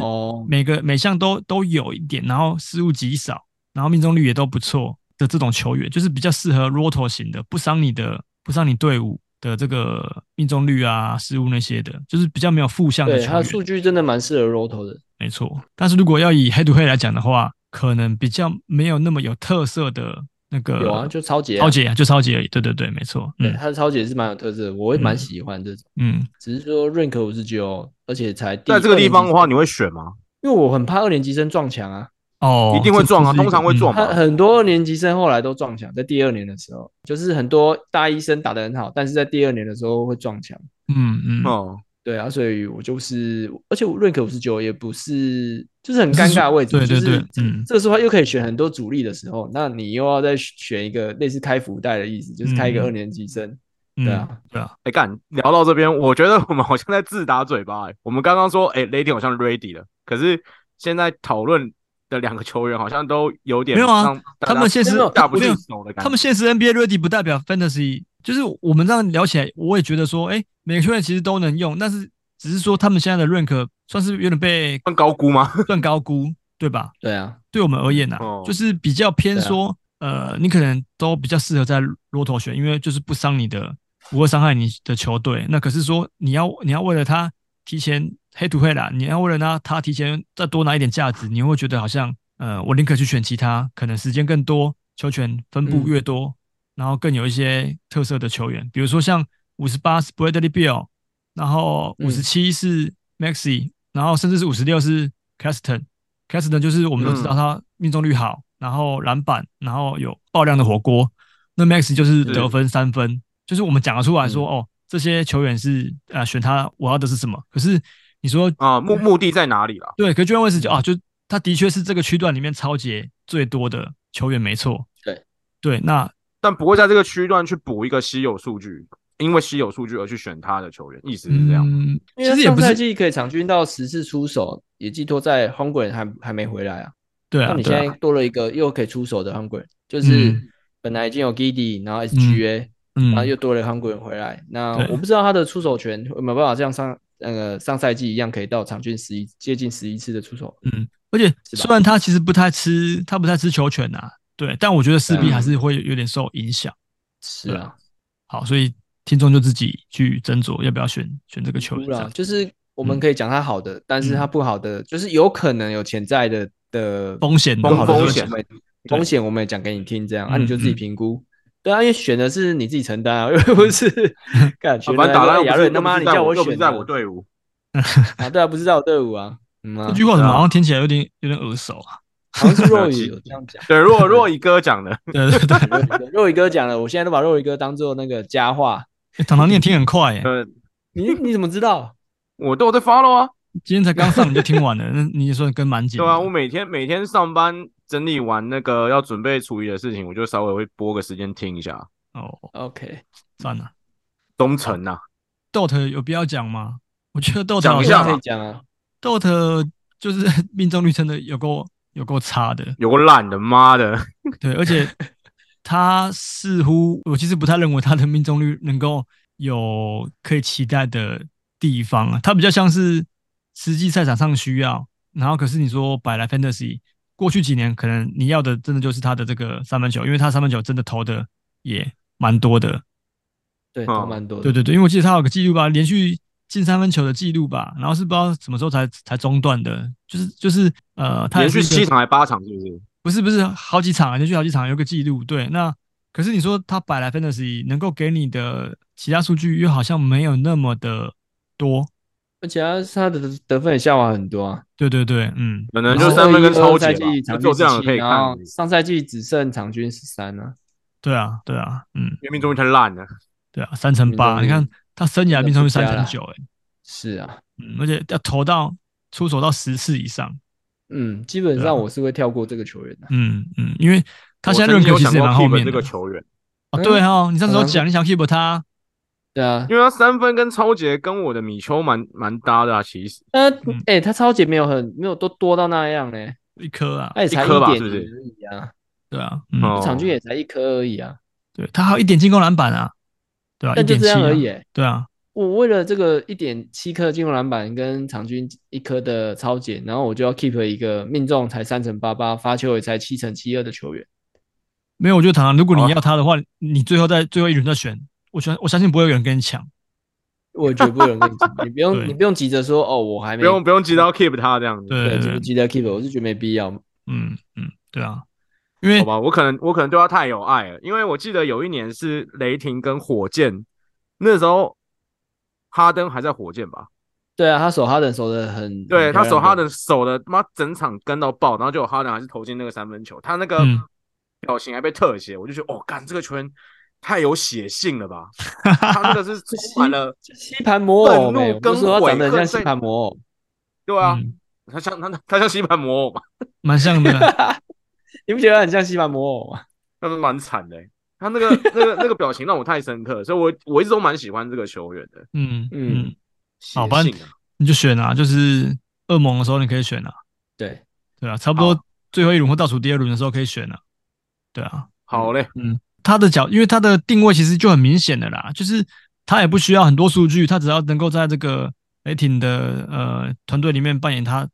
每個、oh. 每項都都有一點，然後失誤極少，然後命中率也都不錯的這種球員，就是比較適合 Roto 型的，不傷你的，不傷你隊伍的這個命中率啊，失誤那些的，就是比較沒有負向的。對，他的數據真的蠻適合 Roto 的，沒錯。但是如果要以 head to head 來講的話，可能比較沒有那麼有特色的。那個有啊，就抄截抄截就抄截而已。對對對，沒錯。對，他的抄截是蠻有特色，我也蠻喜歡這種。嗯，只是說 rank 五十九，而且才在這個地方的話，你會選嗎？因為我很怕二年級生撞牆啊。哦，一定會撞啊，通常會撞。他、嗯、很多二年級生後來都撞牆，在第二年的時候，就是很多大一生打得很好，但是在第二年的時候會撞牆。嗯嗯哦。對啊，所以我就是，而且 rank 五十九也不是，就是很尷尬的位置。對對對，嗯，這個時候又可以選很多主力的時候，那你又要再選一個類似開福袋的意思，就是開一個二年級生、嗯。對啊，對啊，哎，幹，聊到這邊，我覺得我們好像在自打嘴巴、欸。我們剛剛說，誒、哎、雷霆好像 ready 了，可是現在討論的兩個球員好像都有點沒有啊。他們現實打不進他們現實 NBA ready 不代表 fantasy，就是我們這樣聊起來，我也覺得說，誒、哎每個球員其實都能用，但是只是說他們現在的 rank 算是有點被更高估嗎？更 (laughs) 高估，對吧？對啊，對我們而言呢，oh, 就是比較偏說、啊，呃，你可能都比較適合在 Roto 選，因為就是不傷你的，不會傷害你的球隊。那可是說你要你要為了他提前 (laughs) 黑土黑啦，你要為了他他提前再多拿一點價值，你會覺得好像，呃，我寧可去選其他，可能時間更多，球權分布越多、嗯，然後更有一些特色的球員，比如說像。五十八是 Bradley Beal 然後五十七是 Maxi，然後甚至是五十六是 Caston，Caston 就是我們都知道他命中率好，嗯、然後籃板，然後有爆量的火鍋。那 Maxi 就是得分三分、嗯，就是我們講得出來說、嗯，哦，這些球員是啊、呃，選他，我要的是什麼？可是你說啊目目的在哪裡了？對，可是就因為是啊就他的確是這個區段裡面超級最多的球員，沒錯。對對，那但不會在這個區段去補一個稀有數據。因為稀有數據而去選他的球員，意思是這樣嗎？嗯、其實也不太，因為上賽季可以場均到十次出手，也寄托在 Holmgren 還還沒回來啊。對啊，那你現在多了一個又可以出手的 Holmgren，啊、就是本來已經有 Giddey，然後 SGA、嗯、然後又多了 Holmgren 回來、嗯回來。那我不知道他的出手權有沒有辦法像上那個、呃、上賽季一樣，可以到場均十一接近十一次的出手。嗯，而且雖然他其實不太吃他不太吃球權吶、啊，對，但我覺得勢必還是會有點受影響。是啊，好，所以。聽眾就自己去斟酌要不要選選這個球員、嗯，就是我們可以講他好的、嗯，但是他不好的，就是有可能有潛在的的，風險，的風，風險。風險風險我們也講給你聽，這樣啊你就自己評估、嗯嗯。對啊，因為選的是你自己承擔啊，又不是感覺、嗯啊、打了亞潤他媽你叫我選打打我不是在我隊伍啊？對啊，不知道我隊伍啊，、嗯、啊？這句話怎麼好像聽起來有點有點耳熟啊？ (laughs) 嗯、啊好，像啊 (laughs) 好像是若雨有這樣講 (laughs) 對， (laughs) 對若若雨哥講的，對對對，若雨哥講的，我現在都把若雨哥當做那個佳話。唐唐你也聽很快。欸，哎、呃，你你怎麼知道？我都在 follow 啊，今天才剛上你就聽完了， (laughs) 那你也算跟蠻緊。對啊，我每天每天上班整理完那個要準備處理的事情，我就稍微會撥個時間聽一下。哦，OK，算了。東城吶、啊，Dort 有必要講嗎？我覺得 Dort 好像講一下可以講啊。Dort 就是命中率真的有夠有夠差的，有個爛的，媽的！對，而且。他似乎，我其實不太認為他的命中率能夠有可以期待的地方啊。他比較像是實際賽場上需要，然後可是你說百來 Fantasy 過去幾年可能你要的真的就是他的這個三分球，因為他三分球真的投的也蠻多的。對，投蠻多的，啊。對對對，因為我記得他有個記錄吧，連續進三分球的記錄吧，然後是不知道什麼時候才才中斷的，就是就是呃，連續七場還是八場是不是？不是不是，好幾場連續好幾場有個記錄，對。那可是你說他百來分的時，能夠給你的其他數據又好像沒有那麼的多，而且他的得分也下滑很多啊。對對對，嗯，可能就三分跟超賽、哦、季就這樣可以看。然後上賽季只剩場均十三了。對啊，對啊，嗯，因為命中率太爛了。對啊，三成八，你看他生涯命中率三成九、欸，哎、嗯，是啊，嗯，而且要投到出手到十次以上。嗯，基本上我是會跳過這個球員的、啊啊。嗯嗯，因為他現在就可其實蠻後面這個球員啊、哦，對哈、哦，你上次說講、嗯、你想 keep 他，對啊，因為他三分跟抄截跟我的米丘蠻蠻搭的啊，其實。呃，哎、嗯欸，他抄截沒有很沒有都多到那樣嘞，一顆啊，哎，一顆而已啊。對，對？對啊，嗯，場均也才一顆而已啊。對他還有一點進攻籃板啊，對啊，但就這樣而已、欸啊，對啊。我為了這個一點七顆進攻籃板跟場均一顆的抄截，然後我就要 keep 一個命中才三成八八，發球也才七成七二的球員。沒有，我就唐唐。如果你要他的話，啊、你最後在最後一輪再選，我相我相信不會有人跟你搶。我絕不會有人跟你 (laughs) 你，你不用你不用急着說哦，我還沒不用不用急着 keep 他這樣子。對急不急着 keep？我是覺得沒必要。嗯嗯，對啊，因為好吧，我可能我可能對他太有愛了，因為我記得有一年是雷霆跟火箭那時候。哈登還在火箭吧？對啊，他守哈登守的很，對很他守哈登守的他媽整場跟到爆，然後就有哈登還是投進那個三分球，他那個表情還被特寫，嗯、我就覺得哦，幹這個圈太有血性了吧！ (laughs) 他那個是充滿了吸盤、欸、盤魔偶，怒，都說我長得像吸盤魔偶。對啊，他像他他像吸盤魔偶嘛，蠻 (laughs) 像的。 (laughs) 你不覺得很像吸盤魔偶嗎？那都蠻慘的、欸。 (laughs) 他那個那個那個表情讓我太深刻了，所以我我一直都蠻喜歡這個球員的。嗯嗯、啊，好，吧你就選啊，就是惡萌的時候你可以選了、啊、對對啊，差不多最後一輪或倒數第二輪的時候可以選了、啊。對啊，好嘞。嗯，嗯他的角，因為他的定位其實就很明顯的啦，就是他也不需要很多數據，他只要能夠在這個雷霆的呃團隊裡面扮演他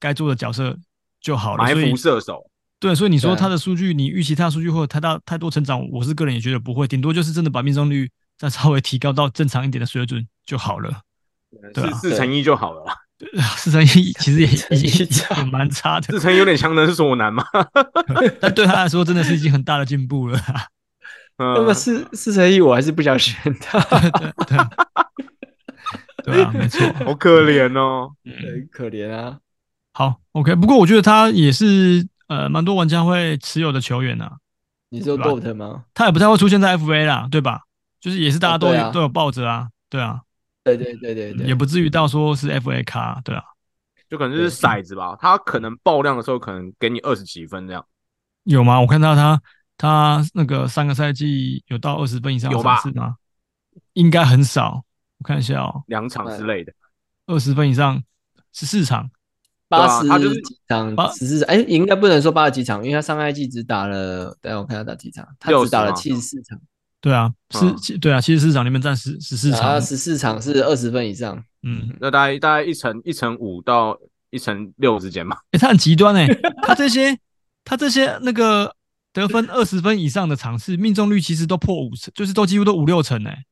該做的角色就好了。埋伏射手。對，所以你說他的數據，你預期他的數據會有太大太多成長，我是個人也覺得不會，頂多就是真的把命中率再稍微提高到正常一點的水準就好了，對啊，四成一就好了，對四成一其實也已經蠻差的，四成一有點強的是說我難嗎？ (laughs) (laughs) 但對他來說真的是一件很大的進步了。那麼四四成一我還是不想選他，對，對，對，對， (laughs) 對啊，沒錯，好可憐哦，很可憐啊。好，OK，不過我覺得他也是。呃，蠻多玩家會持有的球員呢、啊。你知道 DOT 嗎？他也不太會出現在 FA 啦，對吧？就是也是大家都、哦啊、都有抱着啊，對啊。對對對對對，對、嗯。也不至於到說是 FA 卡，對啊。就可能就是骰子吧，他可能爆量的時候，可能給你二十幾分這樣。有嗎？我看到他他那個三個賽季有到二十分以上有，嗎有吧？應該很少，我看一下哦。兩場之類的。二十分以上是四場。八十幾場十四哎，應該不能說八十幾場，因為他上賽季只打了，等下我看他打幾場，他只打了七十四場，對啊，嗯、7, 對啊，七十四場裡面占十十四場，十、啊、四場是二十分以上，嗯，那大概大概一成一成五到一成六之間嘛，哎、欸，他很極端哎、欸，他這些 (laughs) 他這些那個得分二十分以上的場次，命中率其實都破五成，就是都幾乎都五六成哎、欸，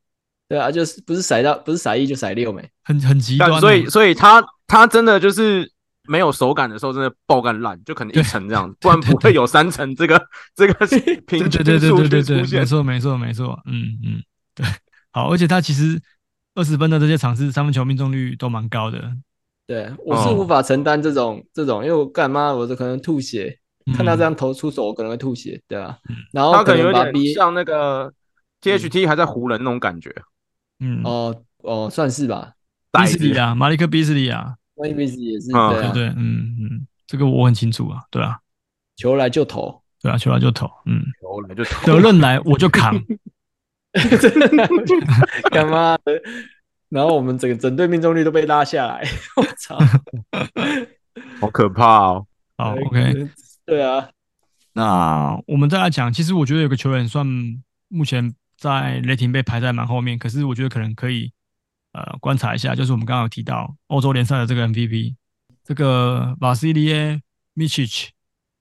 對啊，就是不是骰到不是骰一就骰六欸，很很極端、啊，所以所以他他真的就是。沒有手感的時候，真的爆幹爛，就可能一層這樣子，不然不會有三成這個 (laughs) 這個平均 (laughs) 對對對對對，對，對，對沒錯，沒錯，沒錯。嗯嗯，對，好，而且他其實二十分的這些場次三分球命中率都蠻高的。對我是無法承擔這種、哦、這種，因為我幹嘛我可能吐血，嗯、看他這樣投出手，我可能會吐血，對吧？嗯、然後可比他可能有點像那個 THT 還在湖人那種感覺。嗯，嗯哦哦，算是吧。比斯利啊，馬里克比斯利啊。NBA 也是、啊、對、啊、對對，嗯嗯，這個我很清楚啊，對啊，球來就投，對啊，球來就投，嗯，球來就投，責任來我就扛， (laughs) 真的、啊，幹嘛？ (laughs) 然後我們整個整隊命中率都被拉下來，我操， (laughs) 好可怕哦！哦，okay，對啊，那我們再來講，其實我覺得有個球員算目前在雷霆被排在蠻後面，可是我覺得可能可以。呃，觀察一下，就是我們剛剛有提到歐洲聯賽的這個 MVP，這個瓦西里耶米切奇，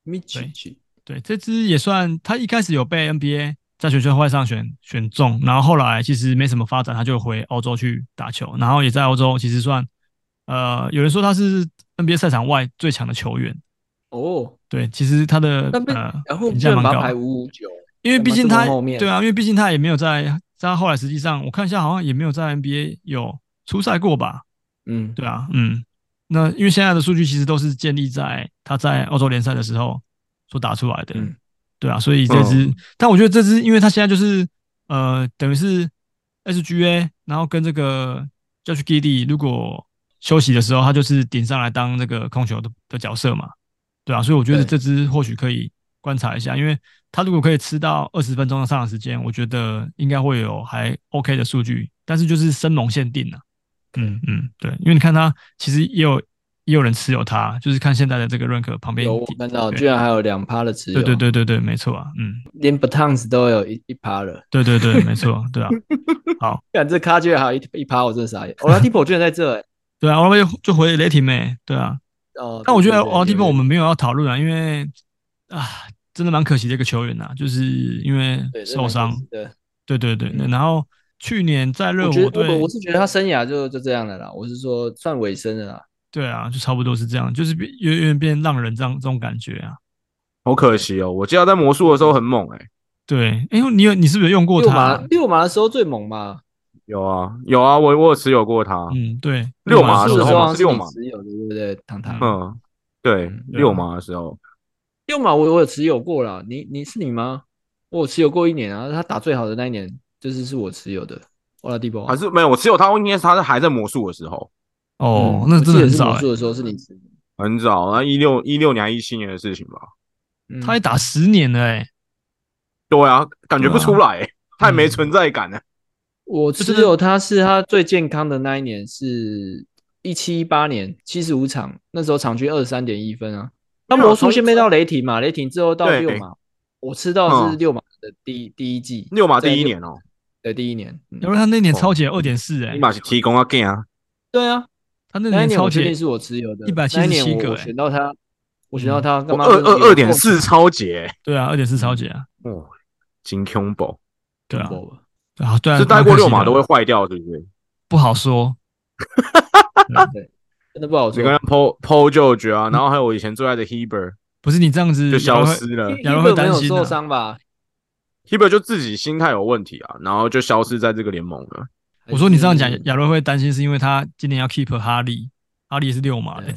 米切奇，對，這只也算，他一開始有被 NBA 在選秀會上選選中，然後後來其實沒什麼發展，他就回歐洲去打球，然後也在歐洲其實算，呃，有人說他是 NBA 賽場外最強的球員。哦、oh.，對，其實他的，呃、然後評價蠻高。559, 因為畢竟他，對啊，因為畢竟他也沒有在。但他後來，實際上我看一下，好像也沒有在 NBA 有出賽過吧？嗯，對啊，嗯，那因為現在的數據其實都是建立在他在澳洲聯賽的時候所打出來的，嗯、對啊，所以這支，哦、但我覺得這支，因為他現在就是呃，等於是 SGA，然後跟這個 Josh Giddey 如果休息的時候，他就是頂上來當那個控球的的角色嘛，對啊，所以我覺得這支或許可以。觀察一下，因為他如果可以吃到二十分鐘上的上場時間，我覺得應該會有還 OK 的數據。但是就是生龍限定啊，okay。嗯嗯，對，因為你看他其實也有也有人持有他，就是看現在的這個 rank 旁邊有看到居然還有兩趴的持有，對對對對對，沒錯啊，嗯，連 Bertans 都有一一趴了，對，對對對，沒錯，對啊。 (laughs) 好，這卡居然還有一一趴，我真的傻眼，Oladipo 居然在這、欸，對啊，我們就回雷霆、欸、對啊、哦，但我覺得 Oladipo 我們沒有要討論啊，對對對對對，因為。啊，真的蠻可惜的一個球員吶、啊，就是因為受傷。對，對，對，對，對，對。然後去年在熱火，隊，我是覺得他生涯就就這樣的啦，我是說，算尾聲啦。對啊，就差不多是這樣，就是越越，越變讓人這樣這種感覺啊，好可惜哦、喔。我記得在魔術的時候很猛誒、欸。對，哎、欸，你有你是不是用過他？溜馬的時候最猛嘛。有啊，有啊，我我有持有過他。嗯，對，溜馬的時候溜馬持有的，對不對？唐嗯，對，嗯、溜馬的時候。用啊，我我有持有過了。你你是你嗎？我有持有過一年啊。他打最好的那一年就是是我持有的，奧拉迪波還是沒有我持有他，應該是他在還在魔術的時候。嗯。哦，那真的、欸、是魔術的時候是你持有的，很早啊，一六一六年一七年的事情吧。他還打十年呢哎，對啊，感覺不出來、欸哦啊，太沒存在感了。我持有他是他最健康的那一年是一七一八年，七十五場，那時候場均二十三點一分啊。他魔術先賣到雷霆嘛，雷霆之後到六馬，我吃到是六馬的第一、嗯、第一季，六馬第一年哦、喔，對第一年、嗯嗯，因為他那年超捷二點四哎，你媽是提供啊啊，對啊、嗯，他那年超捷是我持有的，一百七十七個、欸、我選到他，嗯、我選到他幹嘛？二二二點四超節對啊，二點四超節啊，哇、嗯，真恐怖對啊，啊對啊，這帶、啊啊、過六馬都會壞掉，對不對？不好說。 (laughs) 對 (laughs) 真的不好做。你剛剛剖剖就 l 啊、嗯，然後還有我以前最愛的 Heber，不是你這樣子就消失了。亞倫會擔心、啊、受傷吧 Heber 就自己心態有問題啊，然後就消失在這個聯盟了。我說你這樣講，亞倫會擔心，是因為他今年要 keep 哈利，哈利是六碼的、欸。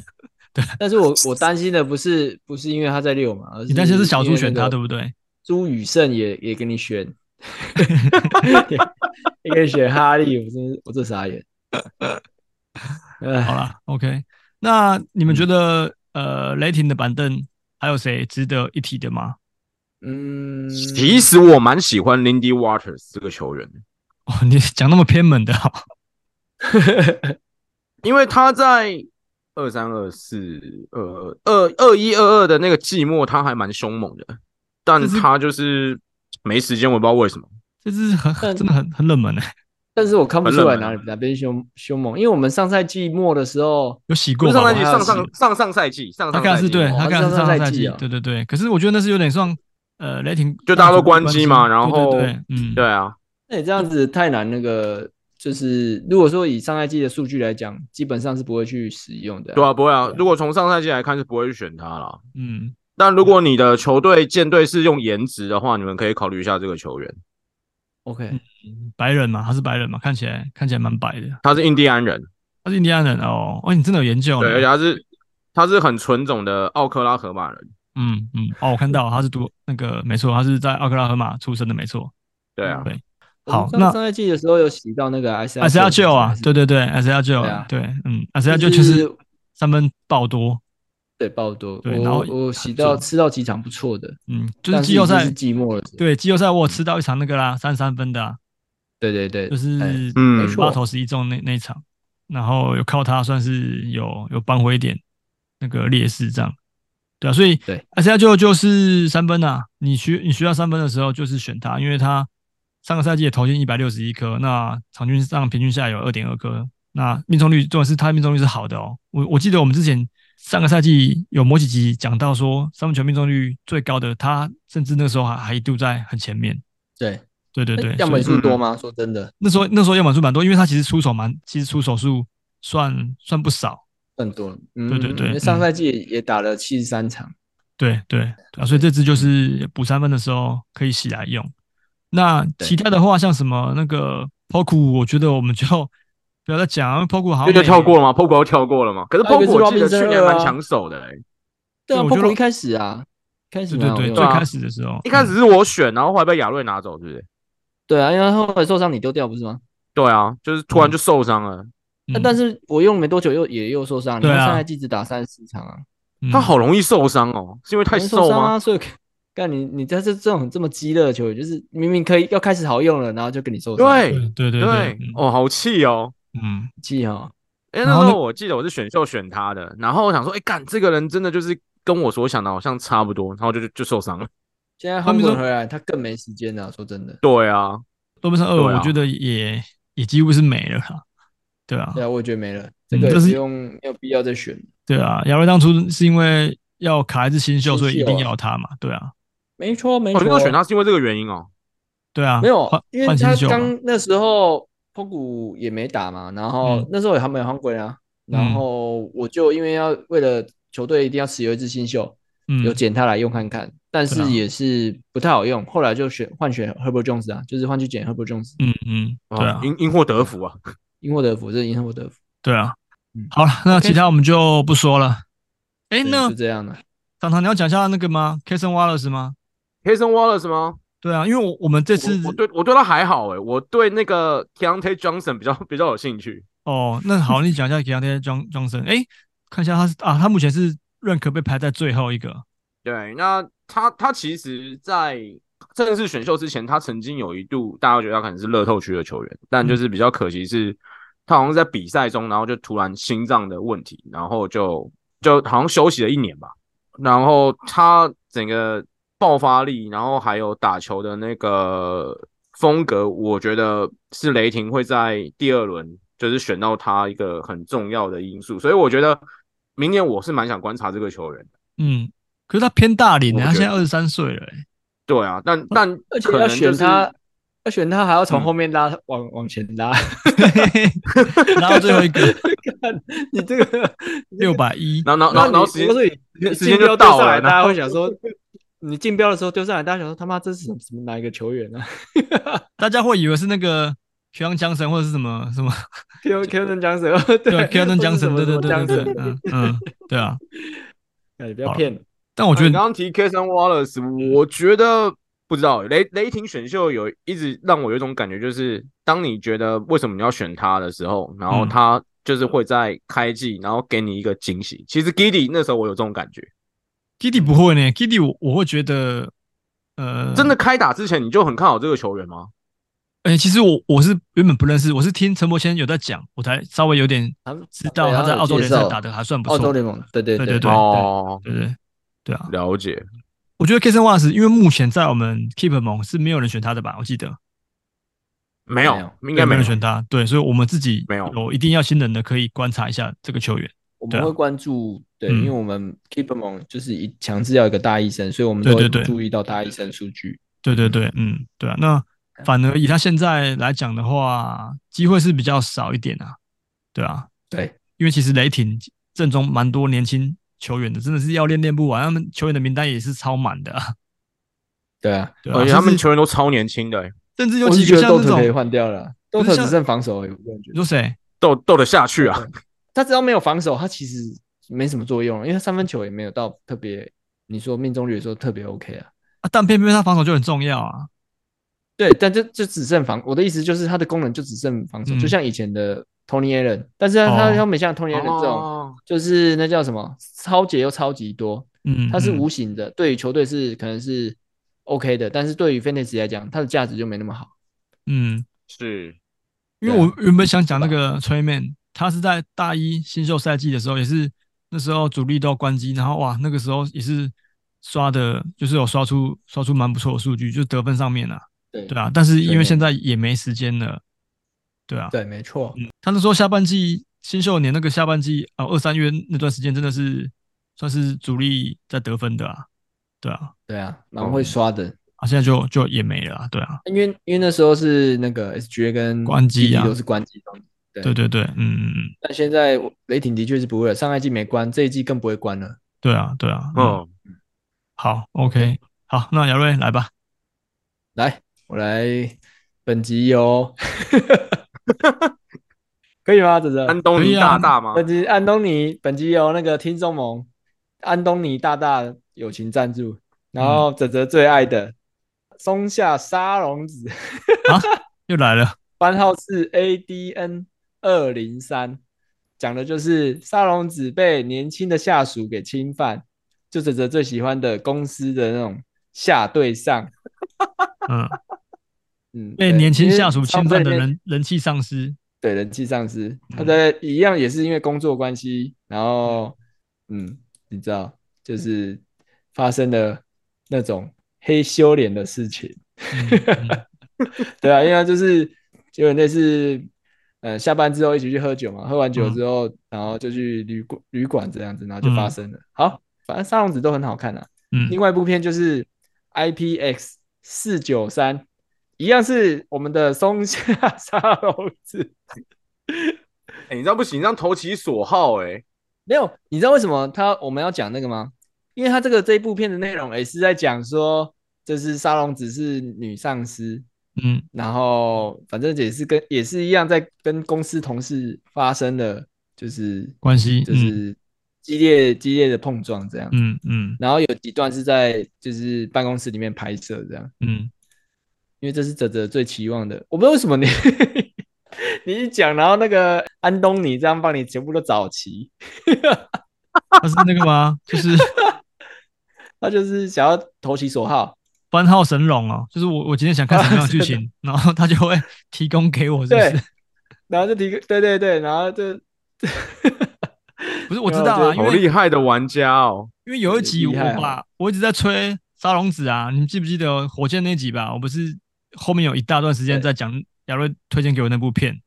對。但是我我擔心的不是不是因為他在六碼，而是擔、那個、心是小朱選他，對不對？朱雨盛也也跟你選，哈哈哈哈哈！選哈利，我真是我真傻眼。好了，OK。那你們覺得、嗯、呃，雷霆的板凳還有誰值得一提的嗎？嗯，其實我蠻喜歡 Lindy Waters 這個球員。哦，你講那麼偏門的，哦， (laughs) 因為他在二三二四二二二一二二的那個季末，他還蠻兇猛的，但他就是沒時間，我不知道為什麼，這是很真的很很冷門呢、欸。但是我看不出來哪裡哪邊凶凶猛，因為我們上賽季末的時候有洗過上上上洗。上賽季、上上、哦上上哦對對對、上上賽季、上上賽季，對對對。可是我覺得那是有點算呃雷霆，就大家都關機嘛關。然後，對對啊。那、嗯、你、欸、這樣子太難，那個就是如果說以上賽季的數據來講，基本上是不會去使用的、啊。對啊，不會啊。如果從上賽季來看，是不會去選他啦。嗯，但如果你的球隊建隊是用顏值的話，你們可以考慮一下這個球員。O.K.、嗯、白人嘛，他是白人嘛，看起來看起來蠻白的。他是印第安人，他是印第安人哦。哦、欸，你真的有研究呢？對，而且他是他是很純種的奧克拉荷馬人。嗯嗯，哦，我看到他是讀 (laughs) 那個，沒錯，他是在奧克拉荷馬出生的，沒錯。對啊，對。好，上那上個賽季的時候有洗到那個 Isaiah Joe 啊，對對對 Isaiah Joe，啊對，啊、對，嗯 Isaiah Joe 就是三分爆多。對，爆多對，然後我，我洗到吃到幾場不錯的，嗯，就是季後賽寂寞了。對，季後賽我有吃到一場那個啦，三十三分的，對對對，就是嗯，八頭十一中那那一場，哎，然後有靠他算是有有扳回一點那個劣勢這樣，對啊，所以對，啊，現在就就是三分吶，啊，你需你需要三分的時候就是選他，因為他上個賽季也投進一百六十一顆，那場均上平均下來有二點二顆，那命中率重點是他命中率是好的哦，我我記得我們之前。上個賽季有某幾集講到說三分球命中率最高的他，甚至那時候還還一度在很前面。對對對對，樣本數多嗎？說真的，嗯、那時候那時候樣本數蠻多，因為他其實出手蠻，其實出手數算算不少，很多、嗯。對對對，上賽季也、嗯、也打了七十三場。對對、對、對，所以這支就是補三分的時候可以起來用。那其他的話，像什麼那個 Poku 我覺得我們就。不要再講啊！Poku 好，就跳過了嗎？Poku 要跳過了嗎？可是 Poku 我記得去年蠻搶手的、欸。對啊，Poku 一開始啊，開始對對、對、對、啊，最開始的時候，一開始是我選，然後後來被亞瑞拿走，對不對？對啊，因為他後來受傷，你丟掉不是嗎？對啊，就是突然就受傷了。那、嗯嗯啊、但是我用沒多久又，又也又受傷、嗯。你看啊，現在季子打三十場啊、嗯。他好容易受傷哦，是因為太受傷瘦嗎？受啊、所以幹你，你在這這種這麼激烈的球員，就是明明可以要開始好用了，然後就跟你受傷。對對對對，對哦，好氣哦。嗯，記哦，哎、欸，那時候我記得我是選秀選他的，然後，然後我想說，哎、欸、幹，這個人真的就是跟我所想的好像差不多，然後就就，就受傷了。現在後面回來，他更沒時間了，說真的。對啊，都不是二我覺得也也幾乎是沒了。對啊，對啊，我覺得，沒了、啊啊、我覺得沒了，根、這、本、個嗯、是用沒有必要再選。對啊，亞瑞當初是因為要卡一支新秀，新秀、啊，所以一定要他嘛。對啊，沒錯沒錯、喔，我當初選他是因為這個原因哦、喔。對啊，沒有、啊啊，因為他剛那時候。拋谷也沒打嘛，然後那時候也還沒換鬼啊、嗯，然後我就因為要為了球隊一定要持有一支新秀，嗯，有撿他來用看看、嗯，但是也是不太好用，後來就選換選 Herbert Jones 啊，就是換去撿 Herbert Jones，嗯嗯、啊，對啊，因因禍得福啊，因禍得福，這是因禍得福，對啊，嗯，好了，那其他我們就不說了，哎、okay. 欸，那是這樣的，唐唐你要講一下那個嗎？Cason Wallace 嗎？Cason Wallace 嗎？對啊，因為我我們這次我，我對我對他還好誒，我對那個 Keyontae Johnson 比較比較有興趣哦。那好，你講一下 Keyontae Johnson。 (laughs) 哎，看一下他是啊，他目前是 rank 被排在最後一個。對，那他他其實，在正式選秀之前，他曾經有一度大家覺得他可能是樂透區的球員，但就是比較可惜是，嗯、他好像在比賽中，然後就突然心臟的問題，然後就就好像休息了一年吧，然後他整個。爆發力，然後還有打球的那個風格，我覺得是雷霆會在第二輪就是選到他一個很重要的因素，所以我覺得明年我是蠻想觀察這個球員。嗯，可是他偏大齡、欸，他現在二十三歲了、欸。對啊，但但可能、就是、而且要選他，要選他還要從後面拉往，往、嗯、往前拉， (laughs) (laughs) 然後最後一個。 (laughs) 你這個六百一，然後然後然後然,後然後時間時間就到來、欸、了，大家 (laughs) 會然後 (laughs) 想說。你競標的時候丟上來，大家想說他媽這是什麼什麼哪一個球員呢、啊？ (laughs) 大家會以為是那個凱爾登江森或者是什麼什麼？凱爾凱爾登江森對，凱爾登江森 (laughs) 對,對,對對對，嗯， (laughs) 嗯對啊， (laughs) 不要騙。但我覺得、啊、你剛剛提 Cason Wallace，我覺得不知道雷雷霆選秀有一直讓我有一種感覺，就是當你覺得為什麼你要選他的時候，然後他就是會在開季然後給你一個驚喜、嗯。其實 Giddey 那時候我有這種感覺。Kitty 不會呢，Kitty 我,我會覺得，呃，真的開打之前你就很看好這個球員嗎？哎、欸，其實我我是原本不認識，我是聽陳柏謙有在講，我才稍微有點知道他在澳洲聯賽打得還算不錯。澳洲聯盟對對對對對對、哦、對對,對,、哦、對,對,對,對啊，了解。我覺得 Kason Watts 因為目前在我們 Keeper 盟是沒有人選他的吧？我記得沒有，應該沒,有沒有人選他。對，所以我們自己沒有一定要新人的可以觀察一下這個球員。我們會關注，對、啊對，嗯，因為我們 keep 'em on 就是一強制要一個大醫生，所以我們都會注意到大醫生數據對對對，嗯。對對對，嗯，對啊，那反而以他現在來講的話，機會是比較少一點啊。對啊，對，因為其實雷霆陣中蠻多年輕球員的，真的是要練練不完，他們球員的名單也是超滿的啊。對啊，而、啊、他們球員都超年輕的，欸，甚至有幾個覺得豆豆可以換掉了，都、就、豆、是、只剩防守而已，有感人覺得豆豆得下去啊。 (laughs) 他只要沒有防守，他其實沒什麼作用了，因為他三分球也沒有到特別，你說命中率的時候特別 OK 啊，啊，但偏偏他防守就很重要啊。對，但就就只剩防，我的意思就是他的功能就只剩防守，嗯、就像以前的 Tony Allen，但是他、哦、他又沒像 Tony Allen 這種，哦、就是那叫什麼抄截又超級多，嗯，嗯，他是無形的，對於球隊是可能是 OK 的，嗯、但是對於 Fantasy 來講，他的價值就沒那麼好。嗯，是因為我原本想講那個 Truman 他是在大一新秀賽季的時候，也是那時候主力都要關機，然後哇，那個時候也是刷的，就是有刷出刷出蠻不錯的數據，就得分上面了，啊、對，對啊，但是因為現在也沒時間了對，對啊，對，嗯、對沒錯。他那時候下半季新秀年那個下半季啊，二、呃、三月那段時間真的是算是主力在得分的啊。對啊。對啊，蠻會刷的，嗯、啊。現在就就也沒了，啊，對啊。因為因為那時候是那個 SGA 跟，GD、都是關機狀態。對，對對對，嗯嗯嗯。但現在雷霆的確是不會了，上一季沒關，這一季更不會關了。對啊，對啊，嗯。Oh. 好，OK，好，那姚瑞來吧，來，我來。本集由、哦，可以嗎？澤澤，安東尼大大嗎？本集 (laughs) 安東尼大大，東尼本集由那個聽眾盟，安東尼大大友情贊助、嗯。然後澤澤最愛的松下沙龍子 (laughs) 啊，又來了。番 (laughs) 號是 ADN。二零三講的就是沙龍子被年輕的下屬給侵犯，就指着最喜歡的公司的那種下對上，嗯 (laughs) 嗯，被年輕下屬侵犯的人人氣上司，對人氣上司，他、嗯、在、啊、一樣也是因為工作關係，然後嗯、嗯，你知道就是發生了那種黑修煉的事情，嗯嗯、 (laughs) 對啊，因為就是因為那是。嗯、下班之後一起去喝酒嘛，喝完酒之後，嗯、然後就去旅館旅館這樣子，然後就發生了。嗯、好，反正沙龍子都很好看吶、啊嗯。另外一部片就是 I P X 四九三，一樣是我們的松下沙龍子。欸、你這樣不行，你這樣投其所好哎、欸。沒有，你知道為什麼他我們要講那個嗎？因為他這個這一部片的內容也是在講說，這是沙龍子是女上司。嗯，然後反正也是跟也是一樣，在跟公司同事發生的，就是關係，嗯，就是激烈激烈的碰撞這樣。嗯嗯，然後有幾段是在就是辦公室裡面拍攝這樣。嗯，因為這是澤澤最期望的，我不知道為什麼你？ (laughs) 你一講，然後那個安東尼這樣幫你全部都找齊， (laughs) 他是那個嗎？就是 (laughs) 他就是想要投其所好。關套神龍哦、啊，就是我我今天想看什麼樣的劇情、啊的，然後他就會提供給我，是不是？然後就提供，對對對，然後就 (laughs) 不是我知道啊，好厲害的玩家哦。因為有一集我吧、啊，我一直在吹沙龍子啊，你們記不記得火箭那集吧？我不是後面有一大段時間在講亞瑞推薦給我那部片，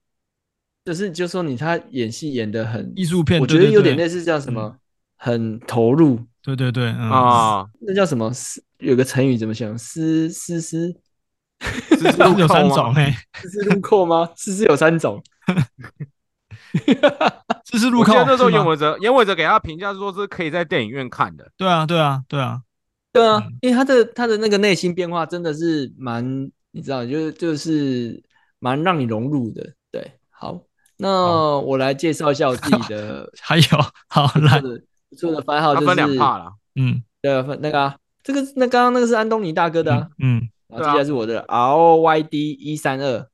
就是就說你他演戲演得很藝術片，對對對對，我覺得有點類似叫什麼，嗯、很投入，對對對，嗯、啊，那叫什麼？有個成語怎麼講？斯斯斯，斯斯有三種哎，斯斯路過嗎？斯斯有三種，嘿，斯斯路過嗎？斯斯有三種，哈哈哈哈哈，斯斯 (laughs) 路過。那時候嚴偉澤，嚴偉澤給他評價說是可以在電影院看的。對啊，對啊，對啊，啊、對啊，因為他的、嗯、他的那個內心變化真的是蠻，你知道，就是就是蠻讓你融入的。對，好，那我來介紹一下我自己的。 (laughs) 還有，好，的來，不錯的番號、就是，他分兩怕了。嗯，對、啊，分那個、啊。這個那剛剛那個是安東尼大哥的、啊嗯，嗯，然後接下來是我的、啊、R O Y D 一三二，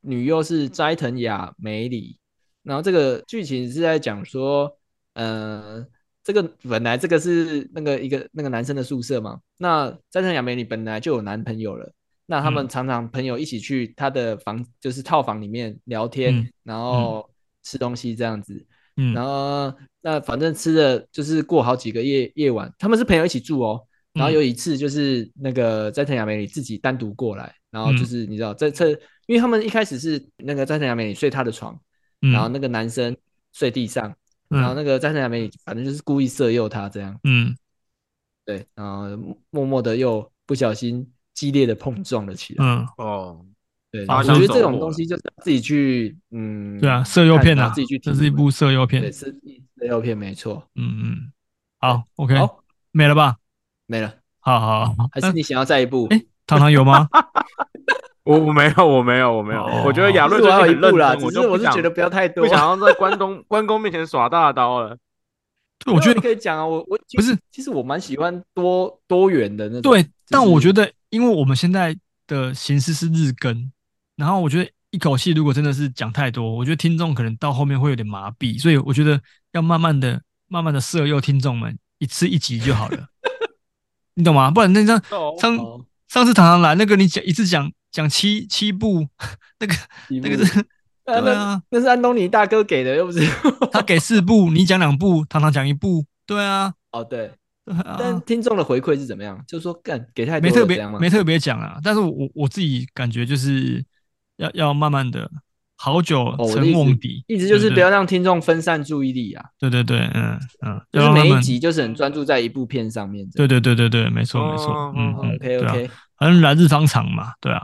女優是齋藤亞美裡，然後這個劇情是在講說，呃，這個本來這個是那個一個那個男生的宿舍嘛，那齋藤亞美裡本來就有男朋友了，那他們常常朋友一起去他的房，嗯、就是套房裡面聊天、嗯嗯，然後吃東西這樣子，嗯，然後那反正吃的就是過好幾個夜夜晚，他們是朋友一起住哦。然後有一次就是那個齋藤亞美里自己單獨過來、嗯，然後就是你知道在這，因為他們一開始是那個齋藤亞美里睡她的床、嗯，然後那個男生睡地上，嗯、然後那個齋藤亞美里反正就是故意色誘他這樣，嗯，對，然後默默的又不小心激烈的碰撞了起來，嗯哦，對，哦、我覺得這種東西就是自己去，嗯，對啊，色誘片啊，自己去，這是一部色誘片，對，色，色誘片，沒錯，嗯嗯，好，OK，、哦、沒了吧？沒了，好好，好，好。還是你想要再一部？哎、呃欸，糖糖有嗎？ (laughs) 我我沒有，我沒有，我沒有。 (laughs) 我覺得亞綸就一累了，只是我是覺得不要太多， (laughs) 我不，想不想要在關東 (laughs) 關公面前耍大刀了。我覺得你可以講啊，我我不是，其實我蠻喜歡多多元的那種。對，就是、但我覺得，因為我們現在的形式是日更，然後我覺得一口氣如果真的是講太多，我覺得聽眾可能到後面會有點麻痹，所以我覺得要慢慢的、慢慢的色，合，又聽眾們一次一集就好了。 (laughs) 你懂嗎？不然那上上上次唐唐來、那個、那個，你講一次講講七七部，那個那個是，啊、對、啊、那，那是安東尼大哥給的，又不是他給四部， (laughs) 你講兩部，唐唐講一部，對啊，哦對，對、啊，但聽眾的回饋是怎麼樣？就說干給他也沒特別沒特別講啊，但是我我自己感覺就是要要慢慢的。好久成夢迪、哦意，意思就是不要讓聽眾分散注意力啊。對對對，對對對，嗯嗯，就是每一集就是很專注在一部片上面對對對對對，沒錯、哦、沒錯、哦，嗯 o k OK，反正、啊 okay. 來日方長嘛，對啊，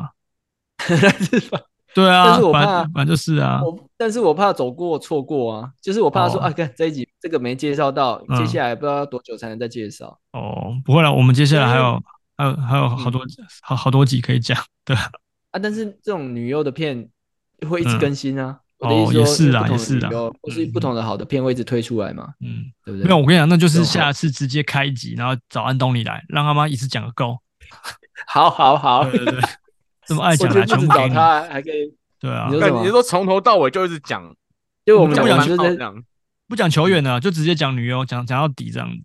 (laughs) 對啊，反正反正就是啊，但是我怕走過錯過啊，就是我怕說、哦、啊，跟這一集這個沒介紹到、嗯，接下來不知道要多久才能再介紹。哦，不會了，我們接下來還有還有還,有還有好多、嗯、好好多集可以講，對。啊，但是這種女優的片，會一直更新啊！嗯、我的意思說、哦，也是也不同的，女優，或是不同的好的片會一直推出來嘛？嗯，對不對？沒有，我跟你講，那就是下次直接開集、嗯、然後找安東尼來，讓他媽一直講個夠。好好好，對對，對， (laughs) 這麼愛講的、啊，全部你我就找他， (laughs) 還可以。對啊，你說，你說從頭到尾就一直講，因為我們就不講球員、就是，不講球員的，就直接講女優，講講到底這樣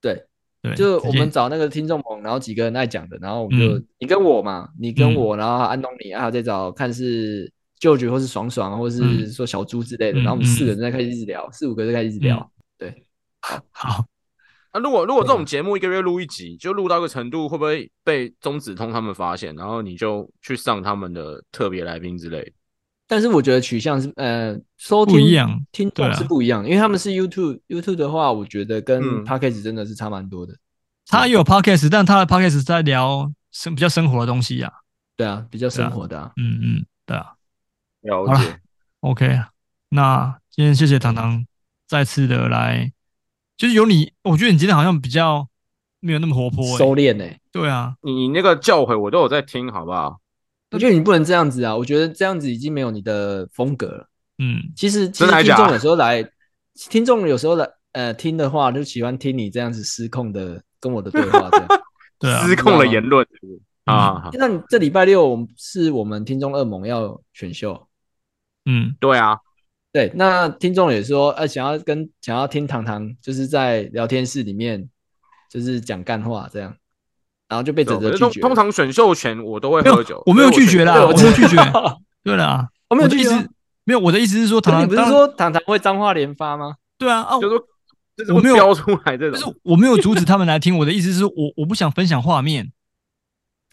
對對，就是我們找那個聽眾朋友然後幾個人愛講的，然後我們就、嗯、你跟我嘛，你跟我，嗯、然後安東尼、啊，然後再找看是。嗅覺，或是爽爽，或是說小豬之類的，嗯、然後我們四個人在開始一直聊，嗯、四五個在開始一直聊，嗯、對。好，那、啊、如果如果這種節目一個月錄一集，嗯、就錄到一個程度，會不會被中指通他們發現，然後你就去上他們的特別來賓之類？但是我覺得取向是呃，收聽不一樣，聽懂是不一樣、啊，因為他們是 YouTube，YouTube、啊、YouTube 的話，我覺得跟 Podcast 真的是差蠻多的。他有 Podcast、嗯、但他的 Podcast 是在聊生比較生活的東西呀、啊。對啊，比較生活的、啊啊，嗯嗯，對啊。了解、啊，OK，那今天謝謝糖糖再次的來，就是有你，我覺得你今天好像比較沒有那麼活潑、欸，收斂呢、欸，對啊，你那個教誨我都有在聽，好不好？我覺得你不能這樣子啊，我覺得這樣子已經沒有你的風格了。嗯，其實其實聽眾有時候來，來啊、聽眾有時候來呃聽的話，就喜歡聽你這樣子失控的跟我的對話。 (laughs) 對、啊，失控的言論啊、啊、啊。嗯、那你這禮拜六是我們聽眾噩夢要選秀。嗯，對啊，對，那聽眾也說，呃、啊，想要跟想要聽糖糖，就是在聊天室裡面，就是講幹話這樣，然後就被整個拒絕。通、通常選秀前我都會喝酒，沒我、我沒有拒絕啦，我、我沒有拒絕。 (laughs) 對啦，我沒有拒絕， (laughs) 沒有。我的意思是說，糖糖你不是說糖糖會髒話連發嗎？對啊，啊，就、說就是我沒有標出來，這是我沒有阻止他們來聽。 (laughs) 我的意思是，我我不想分享畫面。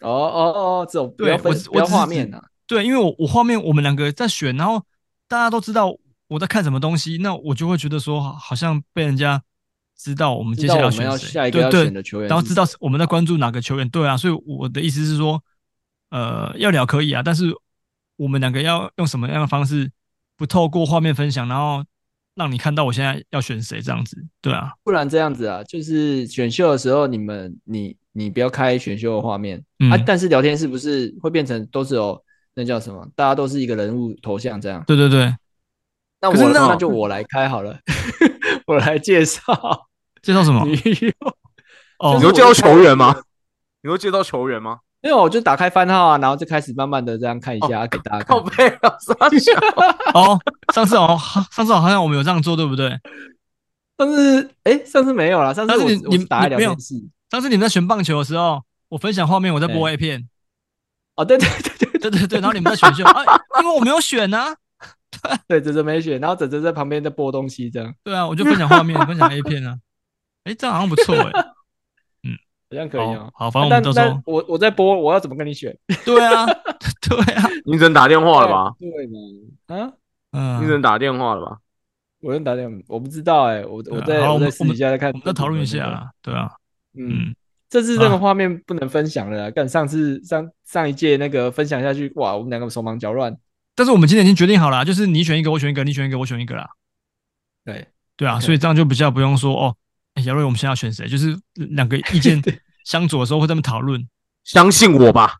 哦哦哦，這種不要分不要畫面啊。對，因為我我畫面我們兩個在選，然後大家都知道我在看什麼東西，那我就會覺得說好像被人家知道我們接下來要選誰，下一個選的球員是誰，對對，然後知道我們在關注哪個球員、啊，對啊，所以我的意思是說，呃，要聊可以啊，但是我們兩個要用什麼樣的方式不透過畫面分享，然後讓你看到我現在要選誰這樣子，對啊，不然這樣子啊，就是選秀的時候你們你你不要開選秀的畫面、嗯、啊，但是聊天是不是會變成都是哦。那叫什麼？大家都是一個人物頭像這樣。對對對，那我有有是那，那就我來開好了， (laughs) 我來介紹，介紹什麼？有介紹球員嗎？有介紹球員嗎？沒有，我就打開番號啊，然後就開始慢慢的這樣看一下，哦、給大家看一下 (laughs) 哦，上次哦，上次好像我們有這樣做，對不對？上次哎、欸，上次沒有了。上次你們沒有。打沒有。上次你們在選棒球的時候，我分享畫面，我在播 A 片。哦，對對對 (laughs) (laughs) 對對對對，然後你們在選秀啊？因為我沒有選呢、啊， (laughs) 對， (laughs) 對對沒選，然後子侄在旁邊在播東西這樣。 (laughs) 對啊，我就分享畫面，分享 A 片啊。哎，這樣好像不錯哎，嗯，好像可以啊。好，好，反正我，但但我我在播，我要怎麼跟你選？對啊，對啊。啊、 (laughs) (laughs) 你只能打電話了吧？對的，啊，嗯，你只能打電話了吧？我能打電話，我不知道哎、欸，我、啊、我在我在私底下在看，我們再討論一下啦。對，對啊，啊啊、嗯，嗯。這次這個畫面不能分享了啦，跟、啊、上次上上一屆那個分享下去，哇，我們兩個手忙腳亂。但是我們今天已經決定好了，就是你選一個，我選一個，你選一個，我選一個啦。對對啊對，所以這樣就比較不用說哦。小、欸、瑞，我們現在要選誰？就是兩個意見相左的時候會這麼討論？相信我吧。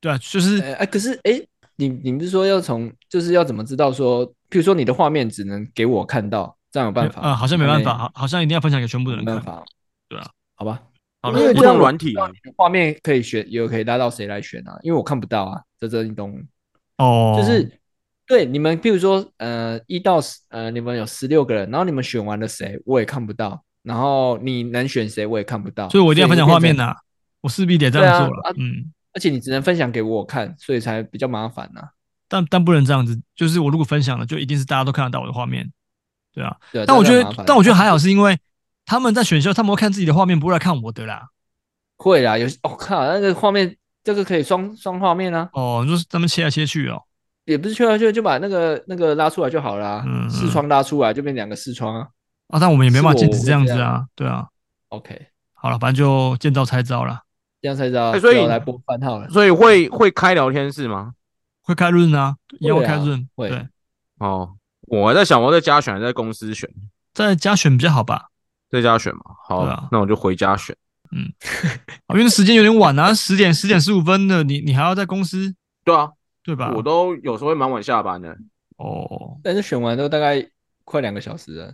對啊，就是、呃啊、可是哎、欸，你你不是說要從就是要怎麼知道說，譬如說你的畫面只能給我看到，這樣有辦法啊、呃？好像沒辦法，好，好像一定要分享給全部的人。沒辦法，對啊，好吧。 (music) 因為這樣軟體畫面可以選，也可以拉到誰來選啊？因為我看不到啊，這這東，哦，就是對你們，比如說呃，一到十呃，你們有十六個人，然後你們選完了誰，我也看不到，然後你能選誰，我也看不到，所以我一定要分享畫面吶，我勢必得這樣做了，嗯，而且你只能分享給我看，所以才比較麻煩吶。但但不能這樣子，就是我如果分享了，就一定是大家都看得到我的畫面，對啊，但我覺得，但我覺得還好，是因為。他們在選秀，他們會看自己的畫面，不會來看我的啦。會啦，有我、哦、靠，那個畫面，這個可以雙雙畫面啊。哦，就是咱們切來切去哦，也不是切來切去，就把那個那個拉出來就好啦，啊。嗯，嗯，視窗拉出來就變兩個視窗啊。啊，但我們也沒辦法禁止這樣子啊，對啊。OK，好了，反正就見招拆招了，見招拆招。所以來播番號了，所以，所以會會開聊天室嗎？會開論啊，要開論，啊、會對。哦，我還在想我還在家選還在公司選，在家選比較好吧。在家選嘛，好，了、啊、那我就回家選。嗯， (laughs) 因為時間有點晚了、啊，十點十點十五分了，你你還要在公司？對啊，對吧？我都有時候會蠻晚下班的。哦，但是選完都大概快兩個小時了。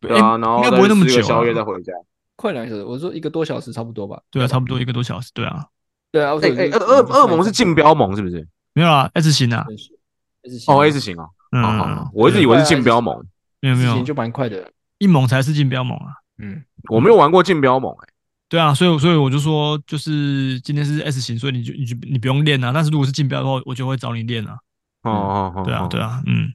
不要、啊、然後再吃個宵夜再回家，快兩個小時，我說一個多小時差不多吧？對啊，差不多一個多小時。對啊，對啊。我哎、啊啊啊啊欸欸，二二二盟是競標盟是不是？沒有啊，S 型啊，S 型啊哦，S 型哦、啊。嗯好好，我一直以為是競標盟，沒有沒有，沒有就蠻快的。一盟才是競標盟啊。嗯，我沒有玩過競標猛、欸嗯、對啊，所以所以我就說，就是今天是 S 型，所以你就你就你不用練啊。但是如果是競標的話，我就會找你練了、啊嗯。哦哦哦，對啊對啊，嗯，哦、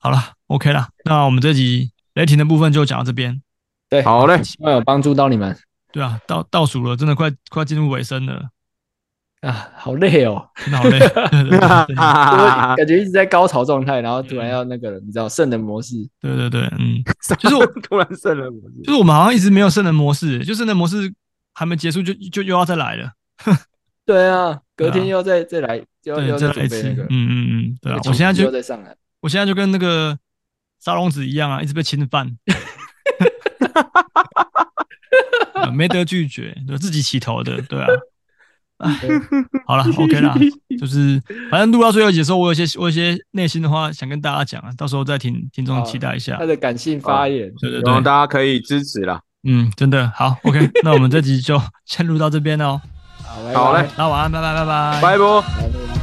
好了，OK 了，那我們這集雷霆的部分就講到這邊。對，好嘞，希望有幫助到你們。對啊，到倒數了，真的快快進入尾聲了。啊，好累哦， (laughs) 真好累，對對對對 (laughs) 感覺一直在高潮狀態，然後突然要那個了，你知道，聖人模式，對對對，嗯， (laughs) 就是我 (laughs) 突然聖人模式，就是我們好像一直沒有聖人模式，就聖人模式還沒結束就，就就又要再來了， (laughs) 對啊，隔天又要再再來，又要又再、那個、再來一次，嗯嗯嗯，對啊，我現在就我現在就跟那個沙龍子一樣啊，一直被侵犯， (laughs) (laughs) (laughs) 沒得拒絕，就自己起頭的，對啊。哎， (laughs) (laughs) 好了，OK 了，就是反正錄到最後一集的時候，我有些我有些內心的話想跟大家講啊，到時候再聽聽眾期待一下、哦、他的感性發言、哦，對對對，大家可以支持了，嗯，真的好，OK， (laughs) 那我們這集就先錄到這邊嘍，好嘞，拜拜，好嘞，那晚安，拜拜，拜拜，拜拜。